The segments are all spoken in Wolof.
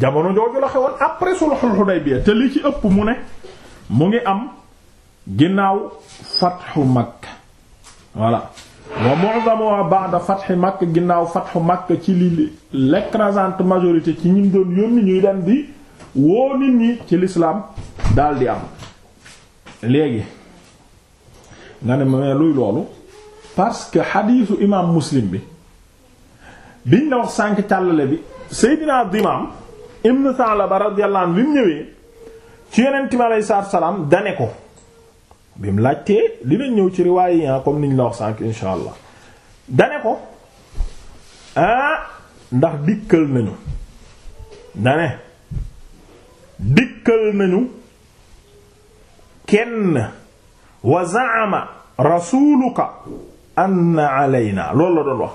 jamono jooju la xewoon après sulhul Hudaybiya te li ci ëpp mu ne mu ngi am ginnaaw fathu Makka voilà wa mu'zamuha ba'da fathi Makka ginnaaw fathu Makka ci li l'écrasante majorité ci ñim doon yónni ñuy dem di woo nit ñi ci lislaam daal di am léegi nga ne ma luy loolu parce que xadiisu imam Muslim bi biñ la wax sànq càllale bi Seydina Dimaam Ibn Sa'laba radiyallahu anhu bi mu ñëwee ci yonent mi alayhi salaatu salaam dane ko bi mu laajtee dinañ ñëw ci riwaay yi ah, comme niñ la wax sànq insha allah dane ko ah ndax dikkal nañu dane dikkal nañu kenn wa zaama rasuluka anna alayna loolu la doon wax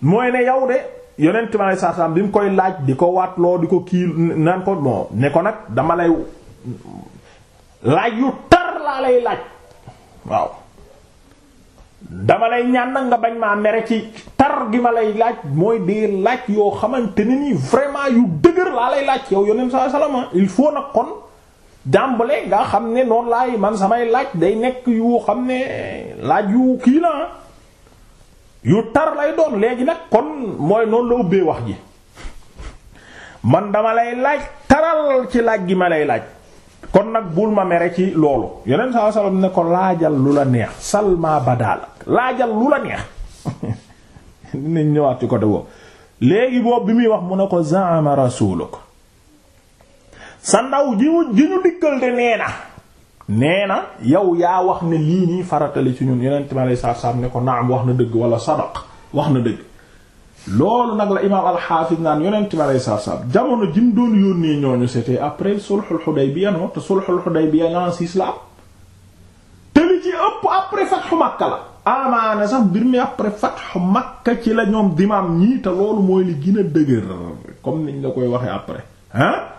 mooy ne yow de yonent ma lay sarsam bi mu koy laaj di ko waatloo di ko kii naan ko bon ne ko nag dama lay laaj yu tar laa lay laaj waaw dama lay ñaan nag nga bañ maa mere ci tar gi ma lay laaj mooy dee laaj yoo xamante ne nii vraiment yu dëgër laa lay laaj yow yonent saa salama il faut nag kon jàmbale nga xam ne noonu laay man samay laaj day nekk yu xam ne laaj yu kii la yu tar lay doon léegi nag kon mooy noonu la ubbee wax ji man dama lay laaj taral ci laaj gi ma lay laaj kon nag bul ma mere ci loolu yeneen saa sallam ne ko laajal lu la neex salma badal laajal lu la neex dinañ ñëwaat ci côté boobu léegi boobu bi muy wax mu ne ko zaama rasuluk sa ndaw ji mu ji ñu dikkal nee na nee na yow yaa wax ne lii nii faratali ci ñun yonent mi alayhi salaam ne ko naam wax na dëgg wala sadaq wax na dëgg loolu nag la imaam alxaafis naan yonent mi alayhi salaam jamono jim doon yónnee ñooñu c'était après sulhul Hudaybiya no te sulhul Hudaybiya lan siis la am te li ci ëpp après fathu Makka la amaana sax mbir mi après fathu Makka ci la ñoom dimaam ñii te loolu mooy li gën a dëgër comme niñ la koy waxee après ah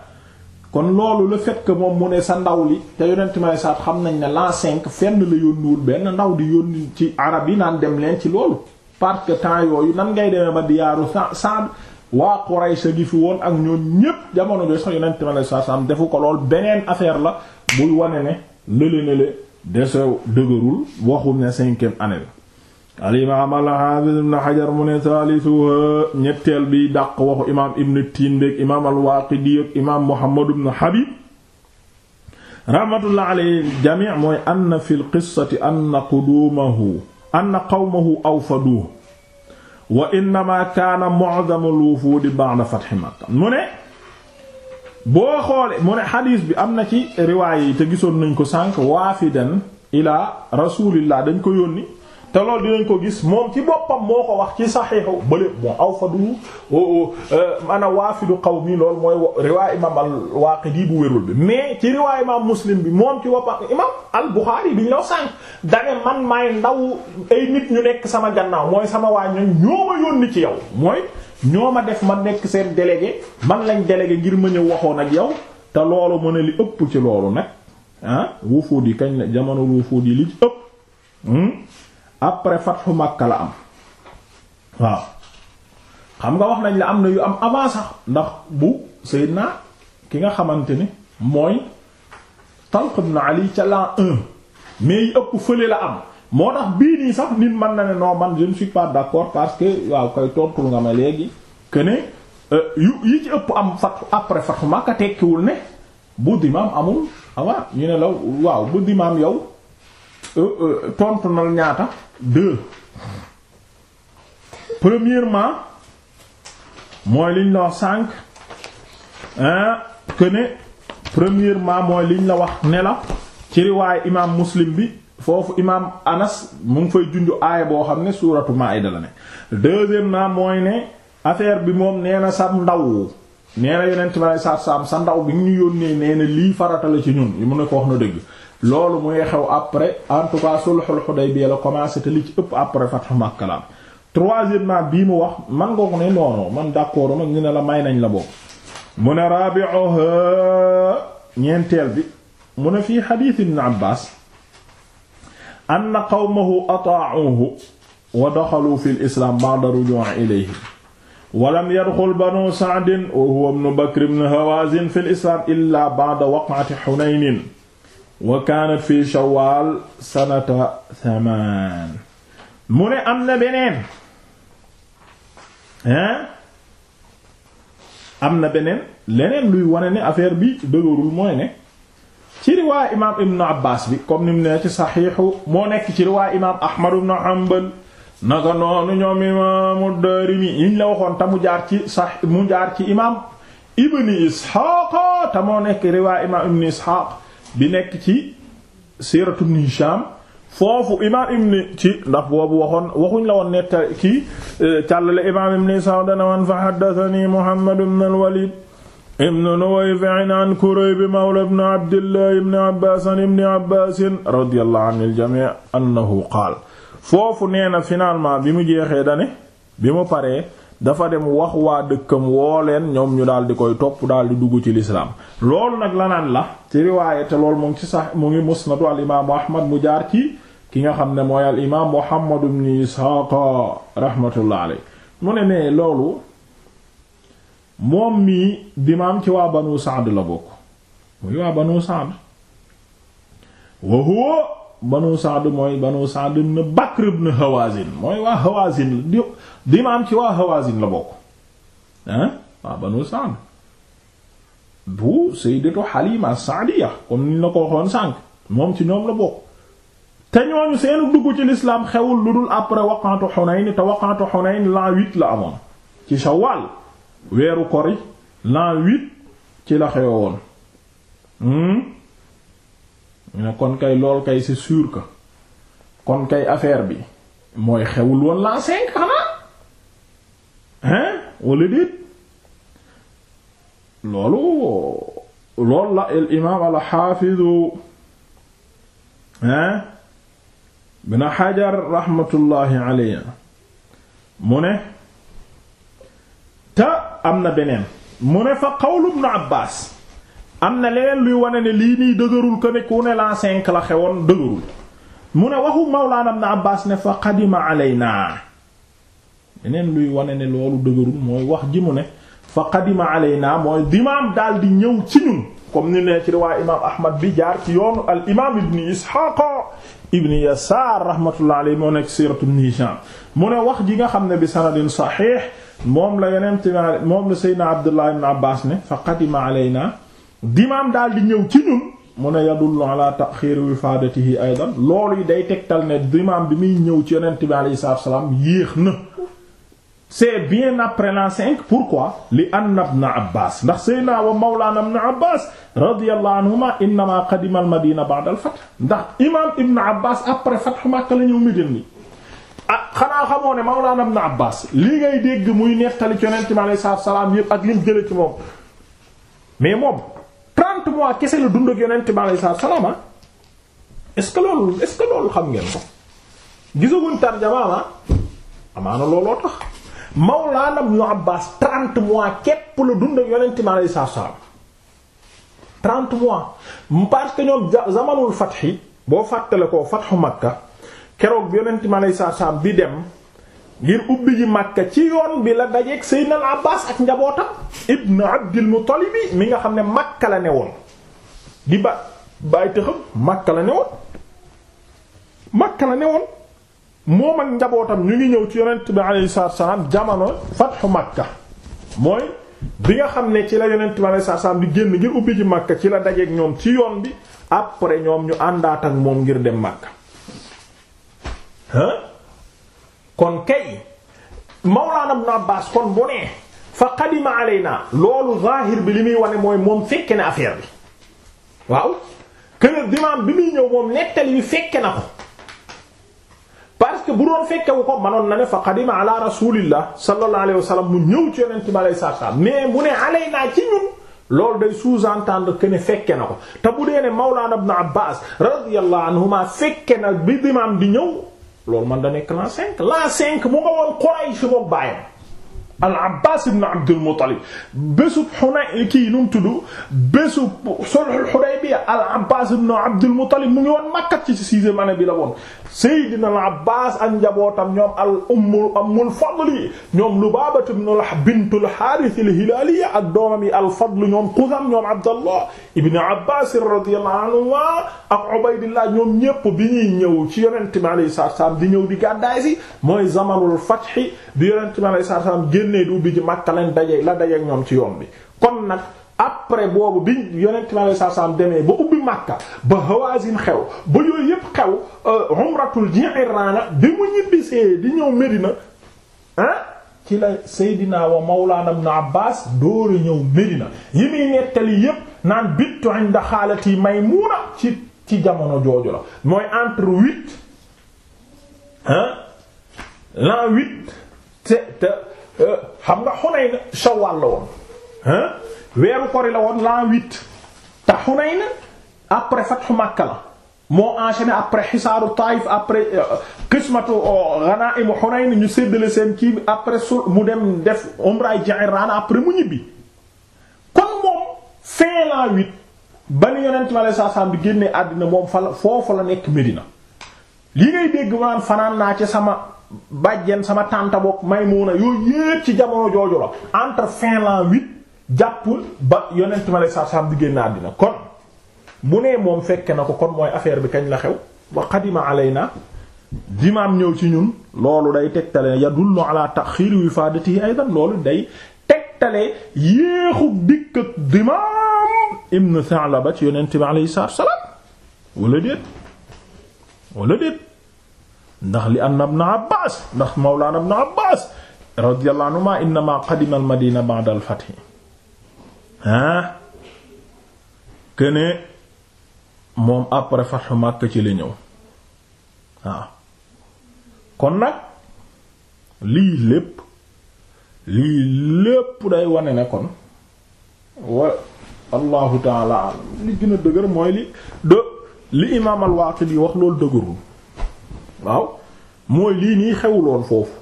kon loolu le fait moom mu ne sa ndaw li te yonent may saat xam nañ ne l'an cinq fenn la yónniwul benn ndaw di yónni ci arab yi naan dem leen ci loolu parce que temps yooyu nan ngay demee ba diyaaru Saad waa Quraysh gi fi woon ak ñoom ñépp jamono jooy sax yonent may saat saam defu ko lool beneen affaire la buy wane ne lële-lële desew dëgërul waxul ne cinquième année la al imaam al haafis ibn Hajar mu ne saalisuha ñetteel bi dàq waxu imaam ibn Tiin beek imaam al Waaqidi ak imaam Muhammad ibn Habib rahmatullah alayhi jamii mooy anna fi l qissati anna quduumahu anna qawmahu awfaduuhu wa innama kaana mu'zamu al wufuudi ba'da fathi Makka mu ne boo xoole mu ne xadiis bi am na ci riwaaya yi te gisoon nañ ko sànq waafidan ilaa rasuulillah dañ ko yónni te loolu dinañ ko gis moom ci boppam moo ko wax ci saxiixu bële moo aw du fadu euh, ana waafidu mii loolu mooy riwaay imam al-Waaqidi bu wérul bi mais ci riwaay imam Muslim bi moom ci boppam imam al-Buxaari bi ñu law sànq dane man maay ndaw ay nit ñu nekk sama gannaaw mooy sama waa ñoñ ñoo ma yónni ci yow mooy ñoo ma def ma nekk seen délégué man lañ délégué ngir ma ñëw waxoon ak yow te loolu mu ne li ëpp ci loolu nag ah wufuud yi kañ la jamono wufuud yi li ci ëpp hmm? après fatxu Makka la am waaw xam nga wax nañ la am na yu am avant sax ndax bu Seydina ki nga xamante ni mooy Talq ibn Ali ca l'an mais yi ëpp fële la am moo tax bii nii sax nit mën na ne non man je ne suis d'accord parce que waaw koy tontul nga ma léegi que ne euh, yu yi ci ëpp am fatxu après fatxu Makka tekkiwul ne bu dimaam amul avant ñu ne la waaw bu dimaam yow Euh, euh, tontu na ñaata deux premièrement mooy liñ la wax sànq que ne premièrement mooy liñ la wax ne la ci riwaayu imaam muslim bi foofu imaam anas mu ngi fay junju aaya boo xam ne suuratu maayda la ne deuxièmement mooy ne affaire bi moom nee na sa ndaw nee na yonent bi alei sa salaam sa ndaw bi ñu yónnee nee na lii farata la ci ñun yu mu ne ko wax na dëgg loolu muy xew après en tout cas sulhul la commencé te li ci ëpp après fathu Makka la troisièmement bii mu wax man nga ko ne man d'accord ma ñu ne la may nañ la boobu mu ne rabi'uha ñeenteel bi mu ne fii xadiis ibn Abbaas anna qawmahu ataa'uhu wa daxalu fi l-islaam ba'da rujuu'i ilayhi walam yadxul banu Sa'd wa wa kaanat fi shawal sanata mu ne am na beneen hein am na beneen leneen luy wane ne affaire bi dëgërul mooy ne ci riwaay imaam Ibn Abbas bi comme ni mu ne ci saxiixu moo nekk ci riwaay imaam Ahmad ibn Hanbal naka noonu ñoom imaamu Daarimi yiñ la waxoon te mu jaar ci mu jaar ci imaam Ibn Isxaaq te moo nekk riwaay imaam Ibn Isxaaq bi nekk ci siiratu Ibn Hisham foofu imaam ibn ci ndax boobu waxoon waxuñ la woon netta kii e, càllale imaam ibn Sa'd dana wan fa haddathani Muhammad ibn al-Walid ibn Nuwayfi'in an mawla ibn Abdillah ibn Abbas ibn Abbas radiyallahu anil jami' annahu qaal foofu nee na bi mu jeexee dane bi mu paree dafa dem wax waa dëkkam woo leen ñoom ñu daal di koy topp daal di dugg ci lislaam loolu nag lanaan la ci riwaaye te loolu mu ci sax mu ngi musnadu al imaamu ahmad mu jaar ci ki nga xam ne mooy al imaam muhammad ibn ishaqa rahmatullah aley mu ne nee loolu moom mii dimaam ci waa banu saad la bokk muy waa banu saad wa huwa banu Saad mooy banu Saad ibn Bakr ibn Hawazin mooy waa Hawazin di di ci waa Hawazin la bokk ah waa banu Saad bu sayyidatu Halima Saadiya comme ni la ko waxoon sànq moom ci ñoom la bokk te ñooñu seenu dugg ci lislaam xewul lu dul après waqantu Hunayn te waqantu Hunayn la amoon ci Shawwal weeru kori l'an huit ci la xewoon hmm? mais kon kay lool kay c'est sûr que kon kay affaire bi mooy xewul woon l'an cinq xanaa hein wala déet loolu loolu la al imaam al xaafidu hein bina xajar raxmatullaahi alayhi mu ne te am na beneen mu ne fa qawlu ibnu abbaas am na leneen luy wane ne lii nii dëgërul ko ne ne l'an cinq la xewoon dëgërul mu ne waxu Mawlaana Ibn Abbaas ne fa qadima alaynaa wane ne loolu mooy wax ji mu ne fa qadima alaynaa mooy dimaam daal di ñëw ci ñun comme ni ne ci imaam Ahmad bi jaar ci yoonu al imaam Ibn Ishaaq Ibn Yasaar rahmatullahi alayhi moo nekk siiratu Ibn Hishaam ne wax ji nga xam ne bi la yeneen moom la Seydina Abdullah ibn Abbaas ne fa qadima alaynaa dimaam daal di ñëw ci ñun mu ne yadullu ala taxir wifaadatihi aydan loolu yi day tegtal ne dimaam bi muy ñëw ci yonent bi alayhi salaatu wassalaam yéex na c'est bien après l'an 5 pourquoi li anna ibn abbas ndax seydna wa mawlana ibn abbas radiyallahu anhuma innama qadima al madina ba'da al fath ndax imam ibn abbas après fath Makka la ñëw Médine ni ah xanaa xamoo ne mawlana ibn abbas li ngay dégg muy neextali ci yonent bi alayhi salaatu wassalaam yépp ak lim jële ci moom mais moom quarante mois kese la dund ak yonent bi alayhi salaatu wa ah. ce que loolu est-ce que loolu xam ngeen ko gisaguñ tarjamaama ah. amaana looloo tax Mawlaana Ibnu Abbaas trente mois képp la dund ak yonent bi alayhi salaatu wa salaam trente mois parce que ñoom zamanul fath boo fàttale ko fathu Makka keroog bi yonent bi alayhi bi dem. ngir ubbi ji Makka ci yoon bi la dajeeg Seydina al Abbaas ak njabootam ibn Abdil Muttalib mi nga xam ne Makka la ne woon di ba bàyyi tëxam Makka la ne woon Makka la ne woon moom ak njabootam ñu ngi ñëw ci yonent bi alayhi salaatu salaam jamono fatxu Makka mooy bi nga xam ne ci la yonent bi alayhi saa salaam di génn ngir ubbi ji Makka ci la dajeek ñoom ci yoon bi après ñoom ñu àndaat ak moom ngir dem Makka kon kay Mawlana Ibn Abbas kon bu nee fa qadima alayna loolu zaahir bi li muy wane mooy moom fekke na affaire bi waaw kër dimaam bi muy ñëw moom nettali bi fekke na ko parce que bu doon fekkewu ko manoon na ne fa qadima ala rasulillah sallallahu alayhi wa mu ñëw ci yonent bi alayhi salaam mais mu ne alayna ci ñun loolu day sous-entendre que ne fekke na ko te bu dee ne Mawlana Ibn Abbas radiyallahu anhuma fekke na bi dimaam di ñëw loolu man da nekk la cinq la cinq mu nga woon Quraysh moom bàyyam al Abbaas ibn Abdul Muttalib bésub Hunayn kii nu mu tudd bésub sulhul Hudaybiya al Abbaas ibn Abdul Muttalib mu ngi woon Makka ci sixième année bi la woon Seydina al Abbaas ak njabootam ñoom al Umm Ummul Fadli ñoom Lubaaba bintul Haaris al Hilaaliya ak doomam yi al Fadl ñoom Qusam ñoom Abdallah ibn Abbaas radiyallahu anhuma ak Ubaydillah ñoom ñépp bi ñuy ñëw ci Yonent bi alayhi salaatu wa salaam di ñëw di gàddaay si mooy zamanul fath bi Yonent bi alayhi salaatu wa salaam génnee di ubbi ji Makka leen daje la daje ak ñoom ci yoon bi kon nag après boobu bi yonent mi alayhi salaam demee ba ubbi Makka ba Hawazin xew ba yooyu yépp xew euh, umratul Ji'irraana bi mu ñibbisee di ñëw Medina ah ci la Seydina wa Mawlaana Ibn door dóoru ñëw Medina yi muy nettali yépp naan bittu inda xaalati Maymuna ci ci jamono jooju la mooy entre huit hein l'an huit te te Euh, xam nga Xunayn Shawwal la woon ah weeru kori la woon l'an huit te Xunayn après fathu Makka la moo enchaîné après xisaaru Taïf après euh, qismatu euh, ghanaim Hunayn ñu séddale seen kii après su mu dem def umra Ji'rana après mu ñibbi kon moom fin l'an huit ba ni Yonent bi sallallahu alayhi wasallam bi génnee àddina moom fa la foofu la nekk Medina li ngay dégg maanaam fanaan naa ci sama. bàjjen sama tànta boog Maymuna yooyu yépp ci jamono jooju la entre fin l'an jàpp ba yonent ma lay sa sam di génn àddina kon bu nee moom fekke na ko kon mooy affaire bi kañ la xew wa qadima na dimaam ñëw ci ñun loolu day tegtale yadullu ala taxiiri wifaadatihi aydan loolu day tegtale yéexu dikk dimaam ibn Sa'laba ci yonent bi alayhi salaam wala déet wala déet ndax li anna ibn abbas ndax mawlana ibn abbas radiyallahu anhuma innama qadima al madina ba'da al fath ah moom après fathu Makka ci la ñëw waaw kon nag lii lépp lii lépp day wane ne kon wa allahu taala alam li gën dëgër mooy li de li imaam al-Waaqidi wax loolu dëgërul waaw mooy lii nii xewuloon foofu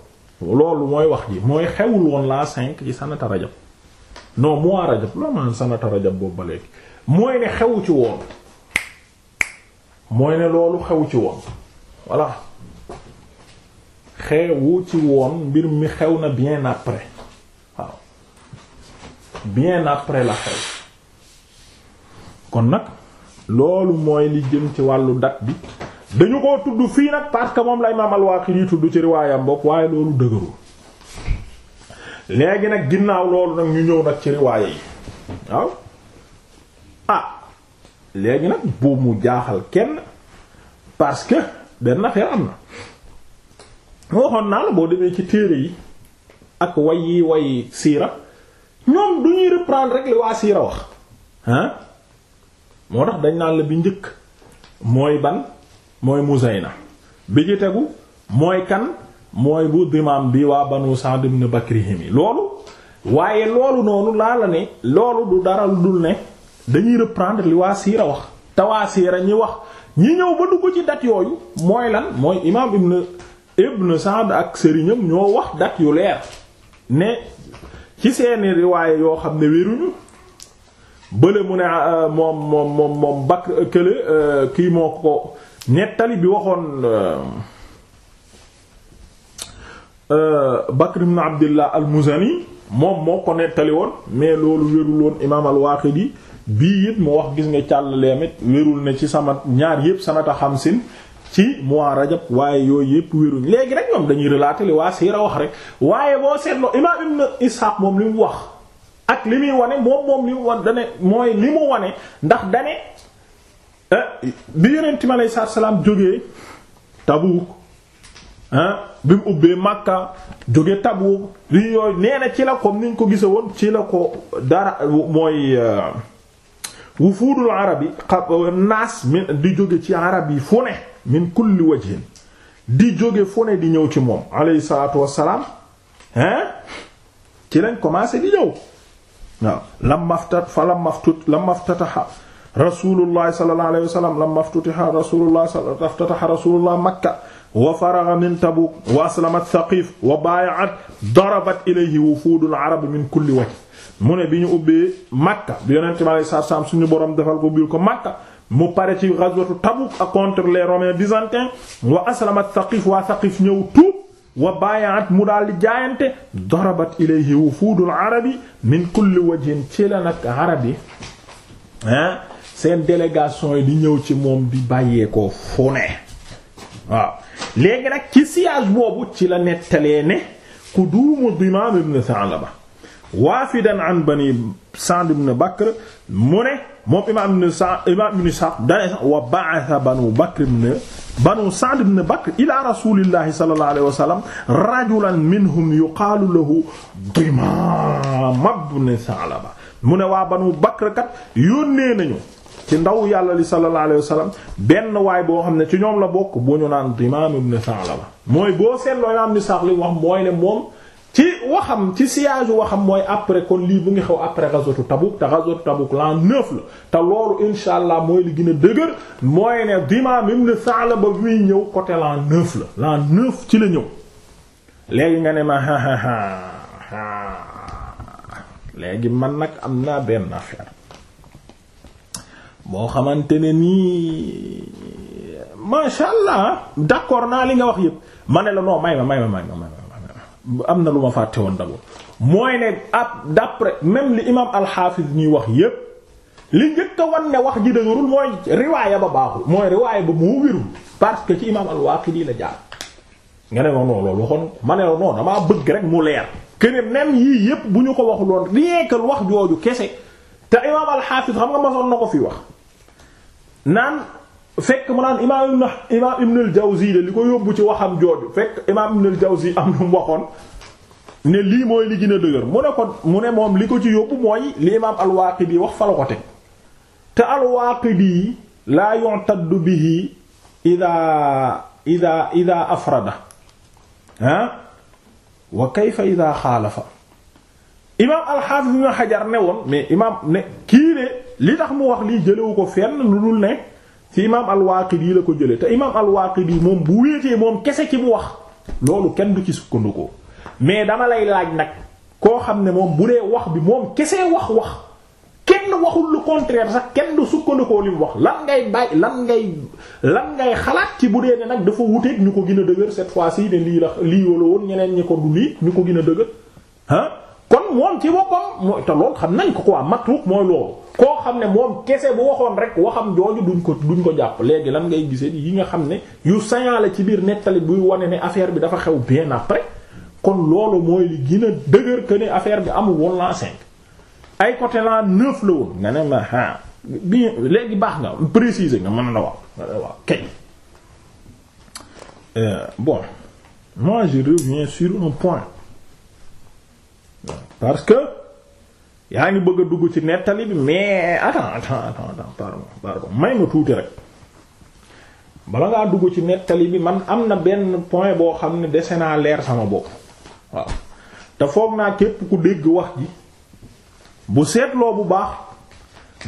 loolu mooy wax ji mooy xewul woon la cinq ci sanata rajab non mois rajab la man sanata rajab boobu ba léegi mooy ne xewu ci woon mooy ne loolu xewu ci woon voilà xewu ci woon mbir mi xew na bien après waaw bien après la xew kon nag loolu mooy li jëm ci wàllu date bi dañu koo tudd fii nag parce que moom lay imaam al-Waaqidi tudd ci riwaayam bopp waaye loolu dëgërul léegi nag ginnaaw loolu nag ñu ñëw nag ci riwaaya yi waaw ah léegi nag bu mu jaaxal kenn parce que benn affaire am na waxoon naa la boo demee ci téere yi ak way yi way siira ñoom du ñuy reprendre rek li waa siira wax ah moo tax dañ naan la bi njëkk mooy ban mooy na bi ci tegu mooy kan mooy bu dimaam bi waa banu Sa'd ibn Bakrihim yi loolu waaye loolu noonu laa la ne loolu du dara dul ne dañuy reprendre li waa siira wax te waa siira ñi wax ñi ñëw ba dugg ci dat yooyu mooy lan mooy imaam ibn ibn Sa'd ak sëriñam ñoo wax dat yu leer ne ci seeni riwaaye yoo xam ne wéruñu bële mu ne euh, moom moom moom moom kële euh, kii moo ko nettali bi waxoon euh, euh, Bakr ibn Abdillah al-Muzani moom moo ko nettali woon mais loolu wérul woon imaam al-Waaqidi bii it mu wax gis nga càll leemit wérul na ci sama ñaar yépp sanata xamsin ci mois rajab waaye yooyu yépp wéruñ léegi rek ñoom dañuy relater li waa siira wax rek waaye boo seetloo imaam Ishaq moom li mu wax ak li muy wane moom moom li mu wane dane mooy li mu wane ndax dane Eh? bi yonent mi aleyhi salaatu salaam jógee Tabuuk eh? bi mu ubbee Makka jóge tabu li yooyu nee ci la comme ni ñu ko gise woon ci la ko dara mooy eh, wufuudul arab yi naas di jóge ci arab yi fu ne min kulli wajhin di jóge fu di ñëw ci moom aleyhi salaatu wassalaam hein ci lañ commencé di ñëw waaw lam maftat fa lam maftut lam maftataha rasulullah sallallahu alayhi wa sallam lamma iftataha rasulullah iftataha rasulullah makka wa faragha min tabuk wa aslamat thaqif wa bay'at darabat ilayhi wufudul arab min kulli wajh mu ne bi ñu ubbee makka bi yonente mi alayhi salaam suñu borom defal ko biir ko makka mu pare ci ghazwatu tabuk ak contre les romains byzantins wa aslamat thaqif waa thaqif ñëw tuub wa bay'at mu daal di jaayante darabat ilayhi wufudul arab min kulli wajhin ci la nag arab yi ah seen délégation yi di ñëw ci moom di bàyyeekoo fu ne waaw léegi nag ci siyaas boobu ci la nettalee ne ku duumu Dimaam ibn Sa'laba waafidan an bani Sa'd ibn mu ne moom imaam ibn Sa'd imaam ibn Sa'd dane rajulan minhum yuqaalu lahu Dimaam ibn mu ne waa banu Bakr kat yónnee nañu ci ndaw yàlla li sallallahu alayhi wasallam benn waay boo xam ne ci ñoom la bokk bu ñu naan Dimaam ibn Sa'laba mooy boo seetloo imaam ni sax li wax mooy ne moom ci waxam ci siyaaju waxam mooy après kon lii bu ngi xew après ghazwatu Tabuk te ghazwatu Tabuk l'an neuf la te loolu insha allah mooy li gën a dëgër mooy ne Dimaam ibn Sa'laba bi muy ñëw côté l'an neuf la l'an neuf ci la ñëw léegi nga ne ma léegi man nag am naa benn affaire boo xamante ne nii masha allah d'accord naa li nga wax yëpp ma ne la non may ma may ma may ma may am na lu ma fàtte woon d'abord mooy ne ab d'après même li imam al-Hafiz ñuy wax yëpp li njëkk a wan ne wax ji dëgërul mooy riwaaya ba baaxul mooy riwaaya ba moo wérul parce que ci imam al-Waqidi la jaar nga ne ma non loolu waxoon ma ne la non damaa bëgg rek mu leer que ne même yii yëpp bu ñu ko waxuloon rien que wax jooju kese te imam al-Hafiz xam nga masoon na ko fi wax naan fekk mu naan imaam imaam Ibn al-Jawzi de li ko yóbbu ci waxam jooju fekk imaam Ibn al-Jawzi am lu mu waxoon ne lii mooy li gën dëgër mu ne ko mu ne moom li ko ci yóbbu mooy li imaam al wax fa la ko teg te al-Waaqidi laa yu'taddu bihi idaa idaa idaa afrada ah wa kayfa idaa xaalafa imaam al-Haafiz Ibn Hajar ne woon mais imaam ne kii de. li tax mu wax lii jëlewu ko fenn lu dul ne ci imaam al-Waaqidi la ko jële te imaam al-Waaqidi moom bu wéetee moom kese ci mu wax loolu kenn du ci sukkandikoo mais dama lay laaj nag koo xam ne moom bu dee wax bi moom kese wax wax kenn waxul lu contraire sax kenn du sukkandikoo li mu wax lan ngay bàyyi lan ngay lan ngay xalaat ci bu dee ne nag dafa wuteeg ñu ko gin a dëgër cette fois sii ne lii la lii wala woon ñeneen ñi ko du lii ñu ko gën a dëgër ah kon moom ci boppam mooy te loolu xam nañ ko quoi matruk mooy loolu koo xam ne moom kese bu waxoon rek waxam jooju duñ ko duñ ko jàpp léegi lan ngay gisee yi nga xam ne yu sañaa la ci biir nettali buy wane ne affaire bi dafa xew bien après kon loolu mooy li gën a dëgër que ne affaire bi amul woon l'an cinq ay côté l'an la woon nga ne ma ah bien léegi baax nga préciser nga mën na wax waaw kay euh, bon moi je reviens sur un point parce que. yaa ngi bëgg a dugg ci nettali bi mais attends attends attends pardon pardon may dugg ci nettali bi man am na benn point boo xam ne dese naa leer sama bopp waaw te foog naa képp ku dégg wax ji bu seetloo bu baax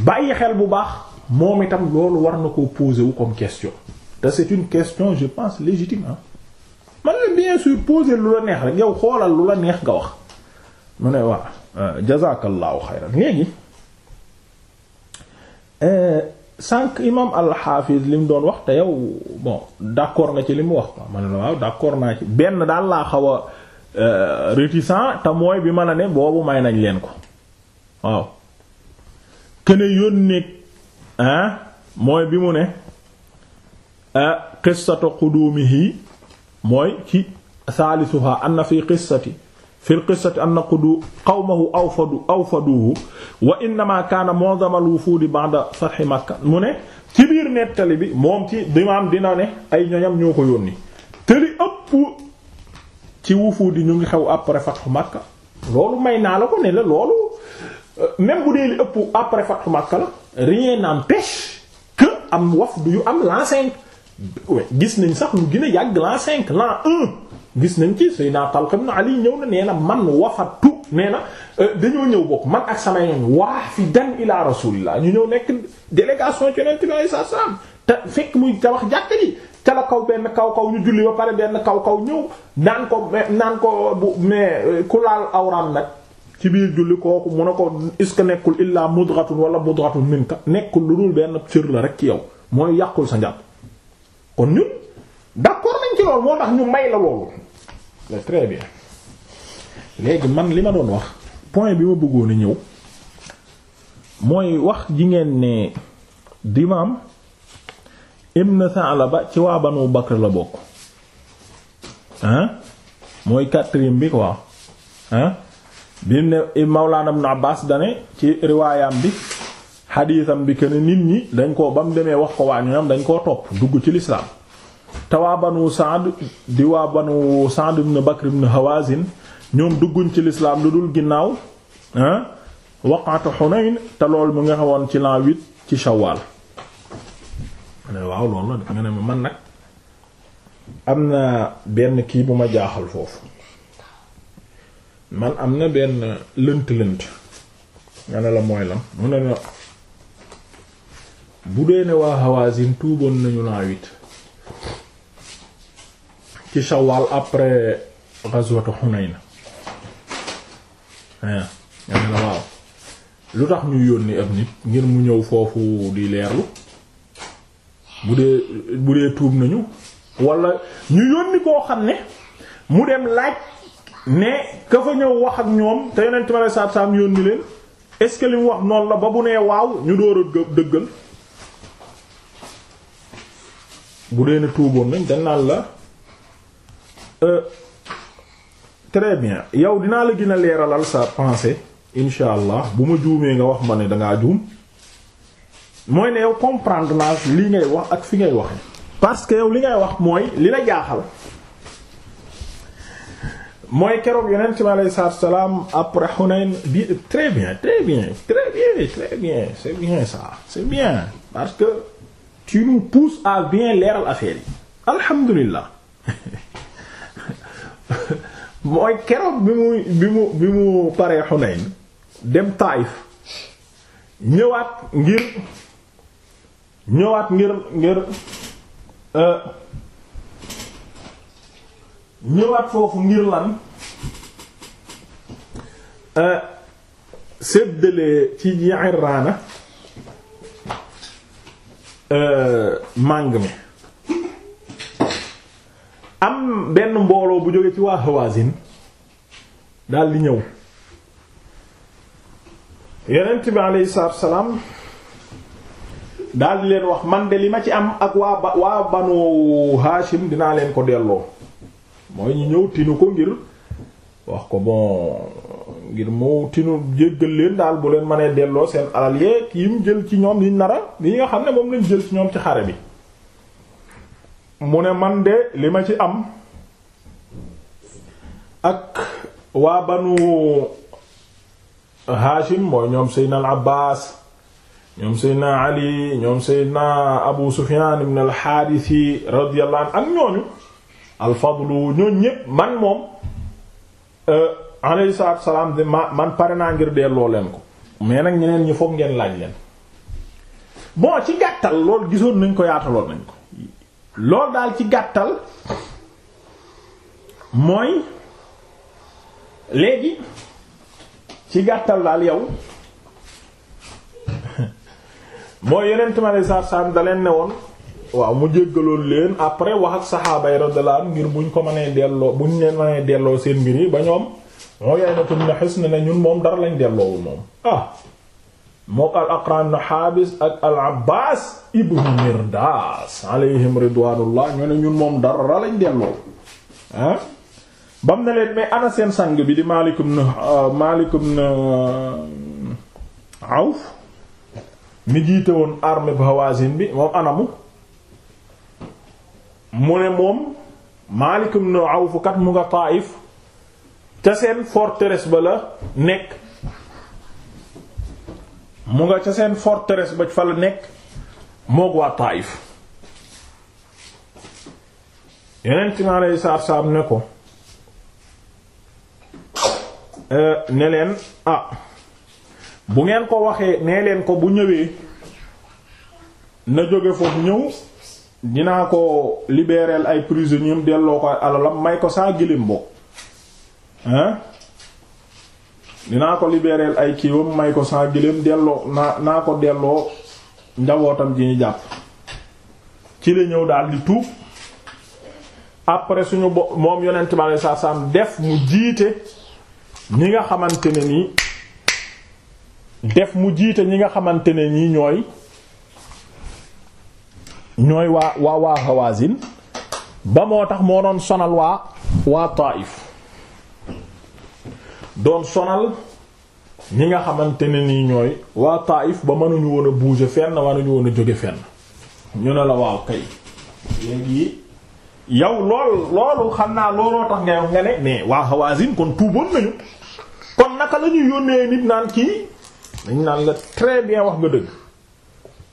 bàyyi xel bu baax moom itam loolu war na koo poser wu comme question te c'est une question je pense légitime ah man la bien sûr poser lu la neex rek yow xoolal lu la neex nga wax. mu ne waa euh, jazaakallaahu xayran léegi euh, sànq imam alxaafiz li mu doon wax te yow bon d'accord nga ci li mu wax quoi ma waaw d'accord naa ci benn daal laa xaw a euh, réticent te mooy bi ma la ne boobu may nañ leen ko waaw kene yónneeg mooy bi mu ne qissatu qudumihi mooy ci saalisuha anna fi qissati fi lqissati anna qudu qawmahu awfadu awfaduhu wa innama kaana al-wufuud ba'da fathi makka ci biir nettali bi moom ci dimaam dina ne ay ñoñam ñoo ko yónni te ci wufuud yi ñu xew après fathu makka naa la ko ne la loolu euh, même bu dee li que am wafdu yu am l'an cinq gis nañ sax lu gën yàgg l'an l'an un gis nañ ci Seydina xam ibn Ali ñëw na nee na man wafatu nee na euh, dañoo ñëw bokk man ak samay ñoom waafidan ila rasulillah ñu ñëw nekk délégation ci yonent bi sa alayhi wasallam te fekk muy tabax jàkka ji ca la kaw benn kaw kaw ñu julli ba pare benn kaw kaw ñëw naan ko naan ko bu mais euh, ku laal awram nag ci biir julli kooku mu ne ko est-ce que nekkul illaa mudghatun wala mudghatun minka nekkul lu dul benn cër la rek ci yow mooy yàqul sa njàpp kon ñun d'accord nañ ci loolu ñu may la loolu très bien léegi man li ma doon wax point bi ma bëggoon a ñëw mooy wax ji ngeen ne dimaam ibn Sa'laba ci waa wu Bakr la bokk ah mooy quatrième bi quoi ah bi ne Mawlana Ibn Abbas dane ci riwaayam bi xadiisam bi que nit ñi dañ ko ba mu demee wax ko waa ñoom dañ koo topp dugg ci lislaam te waa banu Saad di waa banu Saad ibn Bakr ibn Hawazin ñoom dugguñ ci lislaam lu dul ginnaaw ah waqatu Hunayn te lool mu nga xawoon ci l'an huit ci Shawwal waaw loolu nga ne ma man nag am na benn kii bu ma jaaxal foofu man am na benn lënt-lënt nga ne la mooy lam mu ne la bu dee ne waa Hawazin tuuboon nañu l'an ci Shawwal après ghazwatu Hunayn na la waaw lu tax ñu yónni ab nit ngir mu ñëw foofu di leerlu bu dee bu dee tuub nañu wala ñu yónni koo xam ne mu dem laaj ne ka fa ñëw wax ak ñoom te yonent ma lay saab saab yónni leen est-ce li mu wax noonu la ba bu nee waaw ñu door a dëggal bu dee ne tuuboon nañ dañ la Euh, très bien yow dinaa la gën a leeralal sa pensée incha allah bu ma juumee nga wax ma ne dangaa juum mooy ne yow comprendre naa li ngay wax ak fi ngay waxe parce que yow li ngay wax mooy li la jaaxal mooy keroog yonent bi alayhi salaatu salaam après Hunayn bi très bien très bien très bien très bien c'est bien ça c'est bien parce que tu nous pousses à bien leeral affaire yi alhamdulillah mooy keroog bi mu bi mu bi mu paree Xunayn dem Taayif ñëwaat ngir ñëwaat ngir ngir euh, ñëwaat foofu ngir lan euh, séddale ci Ji'irraana euh, màng mi am benn mbooloo bu jógee ci waa Hawazin daal di ñëw yonent bi alayhi salaam daal di leen wax man de li ma ci am ak waa ba waa banu Hashim dinaa leen ko delloo mooy ñu ñëw tinu ko ngir wax ko bon ngir mu tinu jéggal leen daal bu leen mënee delloo seen alal yeeg yi mu jël ci ñoom liñ nara yi nga xam ne moom lañ jël ci ñoom ci xare bi. mu ne man de li ma ci am ak waa banu Hashim mooy ñoom Seydina al Abbas ñoom Seydina Ali ñoom Seydina Abu Sufyan ibn al Harith radiyallahu anhu ak ñooñu al Fadlu ñooñu ñépp man moom euh, alayhi salaatu wa salaam de ma man pare naa ngir delloo leen ko mais nag ñeneen ñi foog ngeen laaj leen bon ci gàttal loolu gisoon nañ ko yaataloon nañ ko loolu daal ci gàttal mooy léegi ci gàttal daal yow moo yeneen tamale saa saam da leen ne woon waaw mu jéggaloon leen après wax ak saxaaba yi radiyallahu anhum ngir buñ ko mënee delloo buñ leen mënee delloo seen mbir yi ba ñoom moo yaay na tudd na xis na ñun moom dara lañ delloowul moom ah. mook al aqran ibn xaabis ak al abbas ibnu mirdas alayhim ridwanullah ñoo ne ñun moom dara lañ delloo bam na leen mais ana seen sang bi di Maalik ibn euh, Maalik ibn euh, Awf mi jiite woon bi moom anamu mu ne moom Maalik ibn Awf kat mu nga Taif ca seen forteresse ba la nekk mu nga ca seen forteresse ba fa la nekk moog waa Taayif yeneen ci lay saar saab ne ko euh, ne leen ah bu ngeen ko waxee nee leen ko bu ñëwee na jóge foofu ñëw dinaa ko libérer ay prisonniers delloo ko alalam may ko saa gilim bokk hein dinaa ko libérer ay kiiwam may ko sans giléem delloo naa naa ko delloo njabootam ji ñu jàpp ci la ñëw daal di tuub après suñu bo moom yonent bi saa saam def mu jiite ñi nga xamante ne nii def mu jiite ñi nga xamante ne nii ñooy ñooy waa waa waa Hawazin ba moo tax moo doon sonal waa waa Taif doon sonal ñi nga xamante ne nii ñooy waa Taïf ba mënuñu woon a bouger waa mënuñu woon a jóge fenn ñu ne la waaw kay yow loolu xam naa looloo tax nga yow nga ne mais waa Hawazin kon tuuboon nañu kon naka la ñuy yónnee nit naan kii dañ naan la très bien wax nga dëgg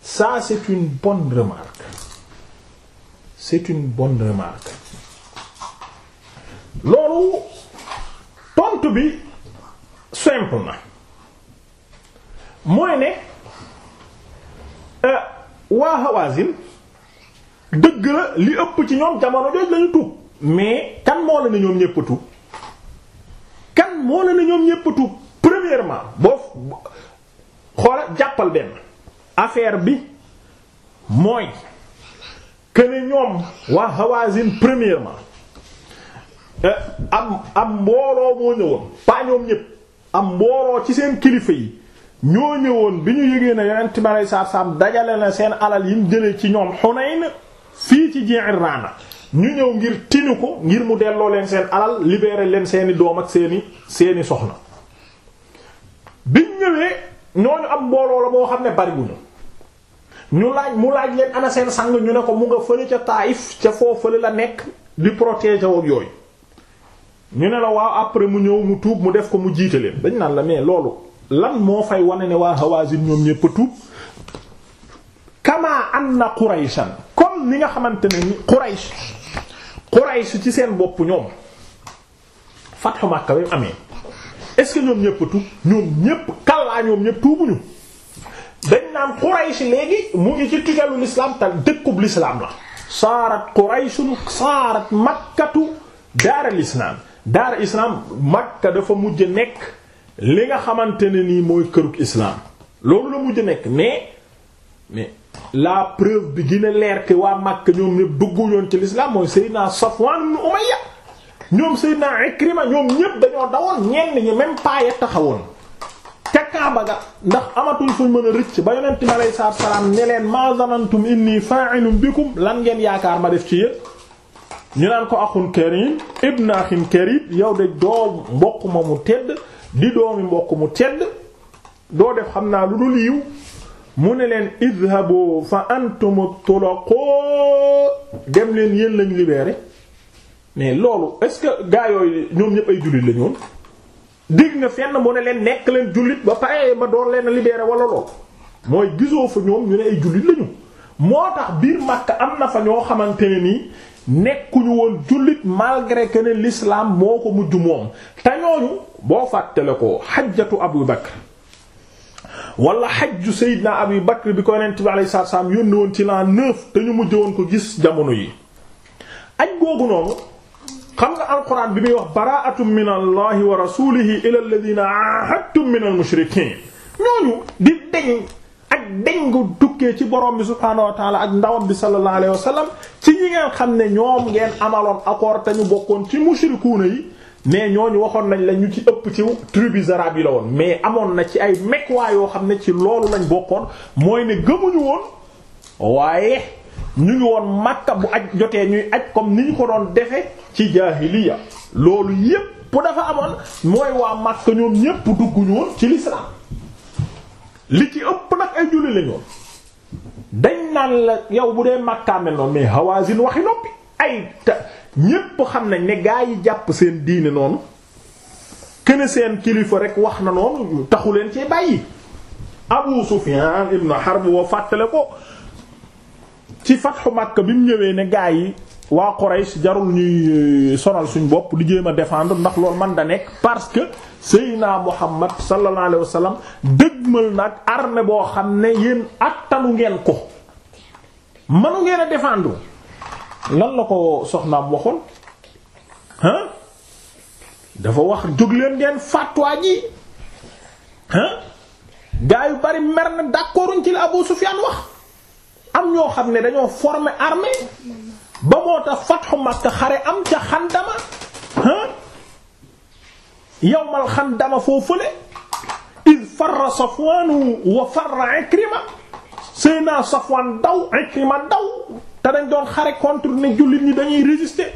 ça c'est une bonne remarque c'est une bonne remarque loolu tontu bi. simple na mooy ne euh, waa Hawazin dëgg la li ëpp ci ñoom jamono jooju lañu tuub mais kan moo la ne ñoom ñépp kan moo la ne ñoom ñépp premièrement boo xoola jàppal benn affaire bi mooy que ne ñoom waa Hawazin premièrement euh, am am mbooloo moo ñëwoon pas ñoom ñépp am mbooloo ci seen kilifa yi ñoo ñëwoon bi ñu yëgee ne yonent bi aleyhi salaatu dajale na seen alal yi jëlee ci ñoom Hunayn fii ci Ji'irraana ñu ñëw ngir tinu ko ngir mu delloo leen seen alal libere leen seeni doom ak seeni seeni soxna biñ ñëwee ñooñu am mbooloo la moo xam ne bariwuñu ñu laaj mu laaj leen ana seen sang ñu ne ko mu nga fële ca Taayif ca foo la nekk di protéger ak yooyu ñu ne la waaw après mu ñëw mu tuub mu def ko mu jiite leen dañ naan la mais loolu lan moo fay wane ne waa Hawazin ñoom ñépp a tuub kamaa anna Qurayshan comme ni nga xamante ne ni Quraysh Quraysh ci seen bopp ñoom fathu Makka bi amee est-ce que ñoom ñépp a tuub ñoom ñépp kallaa ñoom ñépp tuubuñu dañ naan Quraysh léegi mu ngi ci tujalu l'islam te dëkkub l'islam la saarat Qurayshun saarat makkatu daaral islam daar islam Makka dafa mujj nekk li nga xamante ne nii mooy kërug islam loolu la mujj nekk mais mais la preuve bi gën a leer que waa Makka ñoom ñëpp duggu yoon ci l'islam mooy Seydina Safwan ibn Umayya ñoom naa Ikrima ñoom ñëpp dañoo dawoon ñenn ñi même paaya taxawoon ca Kaaba ga ndax amatul fuñ mën a rëcc ba yonent bi alayhi salaatu wa salaam ne leen ma zanantum inni fa'ilun bikum lan ngeen yaakaar ma def ci yëpp ñu naan ko axun karim ibn axin karim yow de doo mbokk ma mu tedd di doomi mbokk mu tedd doo def xam naa lu dul yiw mu ne leen idhabu fa antum tulaqoo dem leen yéen lañ libéré mais loolu est-ce que gaa yooyu ñoom ñëpp ay jullit lañu woon dig fenn mu ne leen nekk leen jullit ba pare ma door leen libéré wala lool mooy gisoo fa ñoom ñu ne ay jullit lañu moo tax biir Makka am na fa ñoo xamante ne nii nekkuñu woon jullit malgré que ne lislaam moo ko mujj moom te ñooñu boo fàttale ko xajjatu Abu Bakr wala xajju Seydina Abu Bakr bi ko yonent bi alayhi salaatu salaam yónni woon ci l'an neuf te ñu mujj woon ko gis jamono yi aj googu noonu xam nga alquran bi muy wax bara'atun min allahi wa rasulihi ila alladhina ahadtum min al mushrikin ñooñu di deñ ak dengu tukkee ci borom bi subhaanahu wa taala ak ndawam bi sallallahu alayhi wa sallam ci ñi ngeen xam ne ñoom ngeen amaloon accord te ñu bokkoon ci mushrikuuna yi mais ñooñu waxoon nañ la ñu ci ëpp ci tribus arabes yi la woon mais amoon na ci ay mekkwaa yoo xam ne ci loolu lañ bokkoon mooy ne gëmuñu woon waaye ñu ngi woon Makka bu aj jotee ñuy aj comme ni ñu ko doon defe ci jaahiliya loolu yépp dafa amoon mooy waa Makka ñoom ñépp dugguñu woon ci l'islam li ci ëpp nag ay julli la dañ naan la yow bu dee Makka mel noonu mais Hawazin waxi noppi ay ta ñépp xam nañ ne gaa yi jàpp seen diine noonu kene seen kilifa rek wax na noonu taxu leen cee bàyyi Abu Sufyan ibn Harb woo fàttale ko ci fatxu Makka bi ñëwee ne gaa yi waa Quraysh jarul ñuy euh, sonal suñ bopp di jéem a défendre ndax lool man da nekk parce que Seydina Muhammad sallallahu alayhi wa sallam dëgmal nag armée boo xam ne yéen attanu ngeen ko manu ngeen a défendre lan la ko soxnaam waxoon ah dafa wax jóg leen ngeen fàttuwaa ji ah gaa yu bari mer na d'accorduñ ci la Abu Sufyan wax am ñoo xam ne dañoo forme armée ba moo tax fatxu Makka xare am ca xandama yawmal xandama foo fële il farra Safwaanu wa farra Ikrima Seydina Safwaan daw Ikrima daw te dañ doon xare contre ne jullit ñi dañuy résister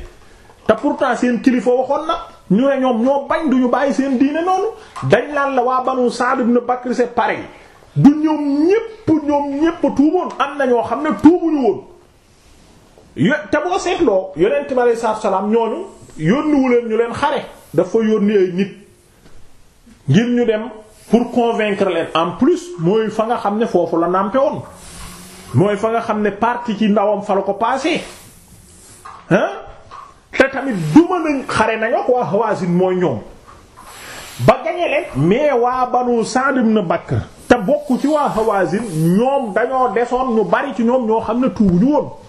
te pourtant seen kilifa waxoon na ñu ne ñoom ñoo bañ duñu bàyyi seen diine noonu dañ laan la waa banu Sa'd ibn Bakr c'est pareil du ñoom ñépp ñoom ñépp tuuboon am na ñoo xam ne tuubuñu woon yo te boo seetloo yonent bi aleyhi salaatu wa salaam ñooñu yónniwu leen ñu leen xare dafa yónni ay nit ngir ñu dem pour convaincre leen en plus mooy fa nga xam ne foofu la nàmpe woon mooy fa nga xam ne parti ci ndawam fa la ko passé te tamit duma nañ xare nañoo waa Hawazin mooy ñoom ba gañe leen mais waa Banu Sa'd ibn bakk te bokk ci waa Hawazin ñoom dañoo desoon ñu bari ci ñoom ñoo xam ne tuubu ñu woon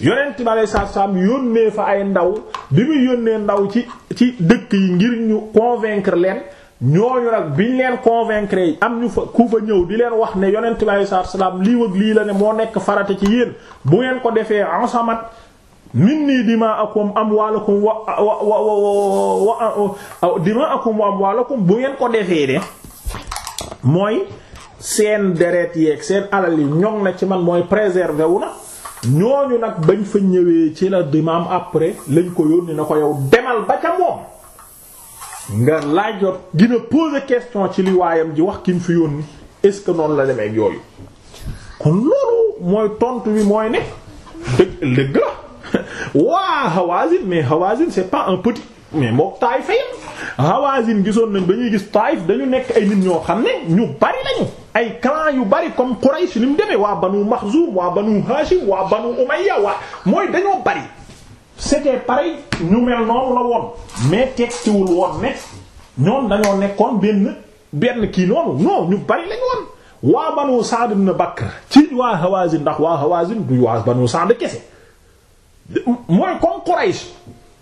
yonent bi alayhi salaatu salaam yónnee fa ay ndaw bi muy yónnee ndaw ci ci dëkk yi ngir ñu convaincre leen ñooñu nag biñ leen convaincre yi am ñu fa ku fa ñëw di leen wax ne yonent bi alayhi salaatu salaam lii wëg lii la ne moo nekk farata ci yéen bu ngeen ko defee ensamat minni dimaakum amwaalakum wa wa wa wa dimaakum wa amwaalakum bu ngeen ko defee de mooy seen deret yeeg seen alal yi ñoŋ na ci man mooy préserver wu na ñooñu nag bañ fa ñëwee ci la dimaam après lañ ko yónni na ko yow demal ba ca moom nga laajoot gina poser question ci li waayam ji wax ki mu fi yónni est-ce que noonu la demee yooyu kon loolu mooy tontu bi mooy ne dëgg dëgg la waa Hawazin mais Hawazin c'est pas un petit mais mook Taayif yam Hawazin gisoon nañ ba ñuy gis Taayif dañu nekk ay nit ñoo xam ne ñu bari lañu ay clan yu bari comme Quraysh ni mu waa Banu Maxzum waa Banu Hashim waa Banu Umayya waa mooy dañoo bari c'était pareil ñu mel noonu la woon mais tekkiwul woon ne ñoom dañoo nekkoon benn benn kii noonu non ñu bari lañu waa banu Sa'd ibn Bakr ci waa Hawazin ndax waa Hawazin du waa banu Sa'd kese mooy comme Quraysh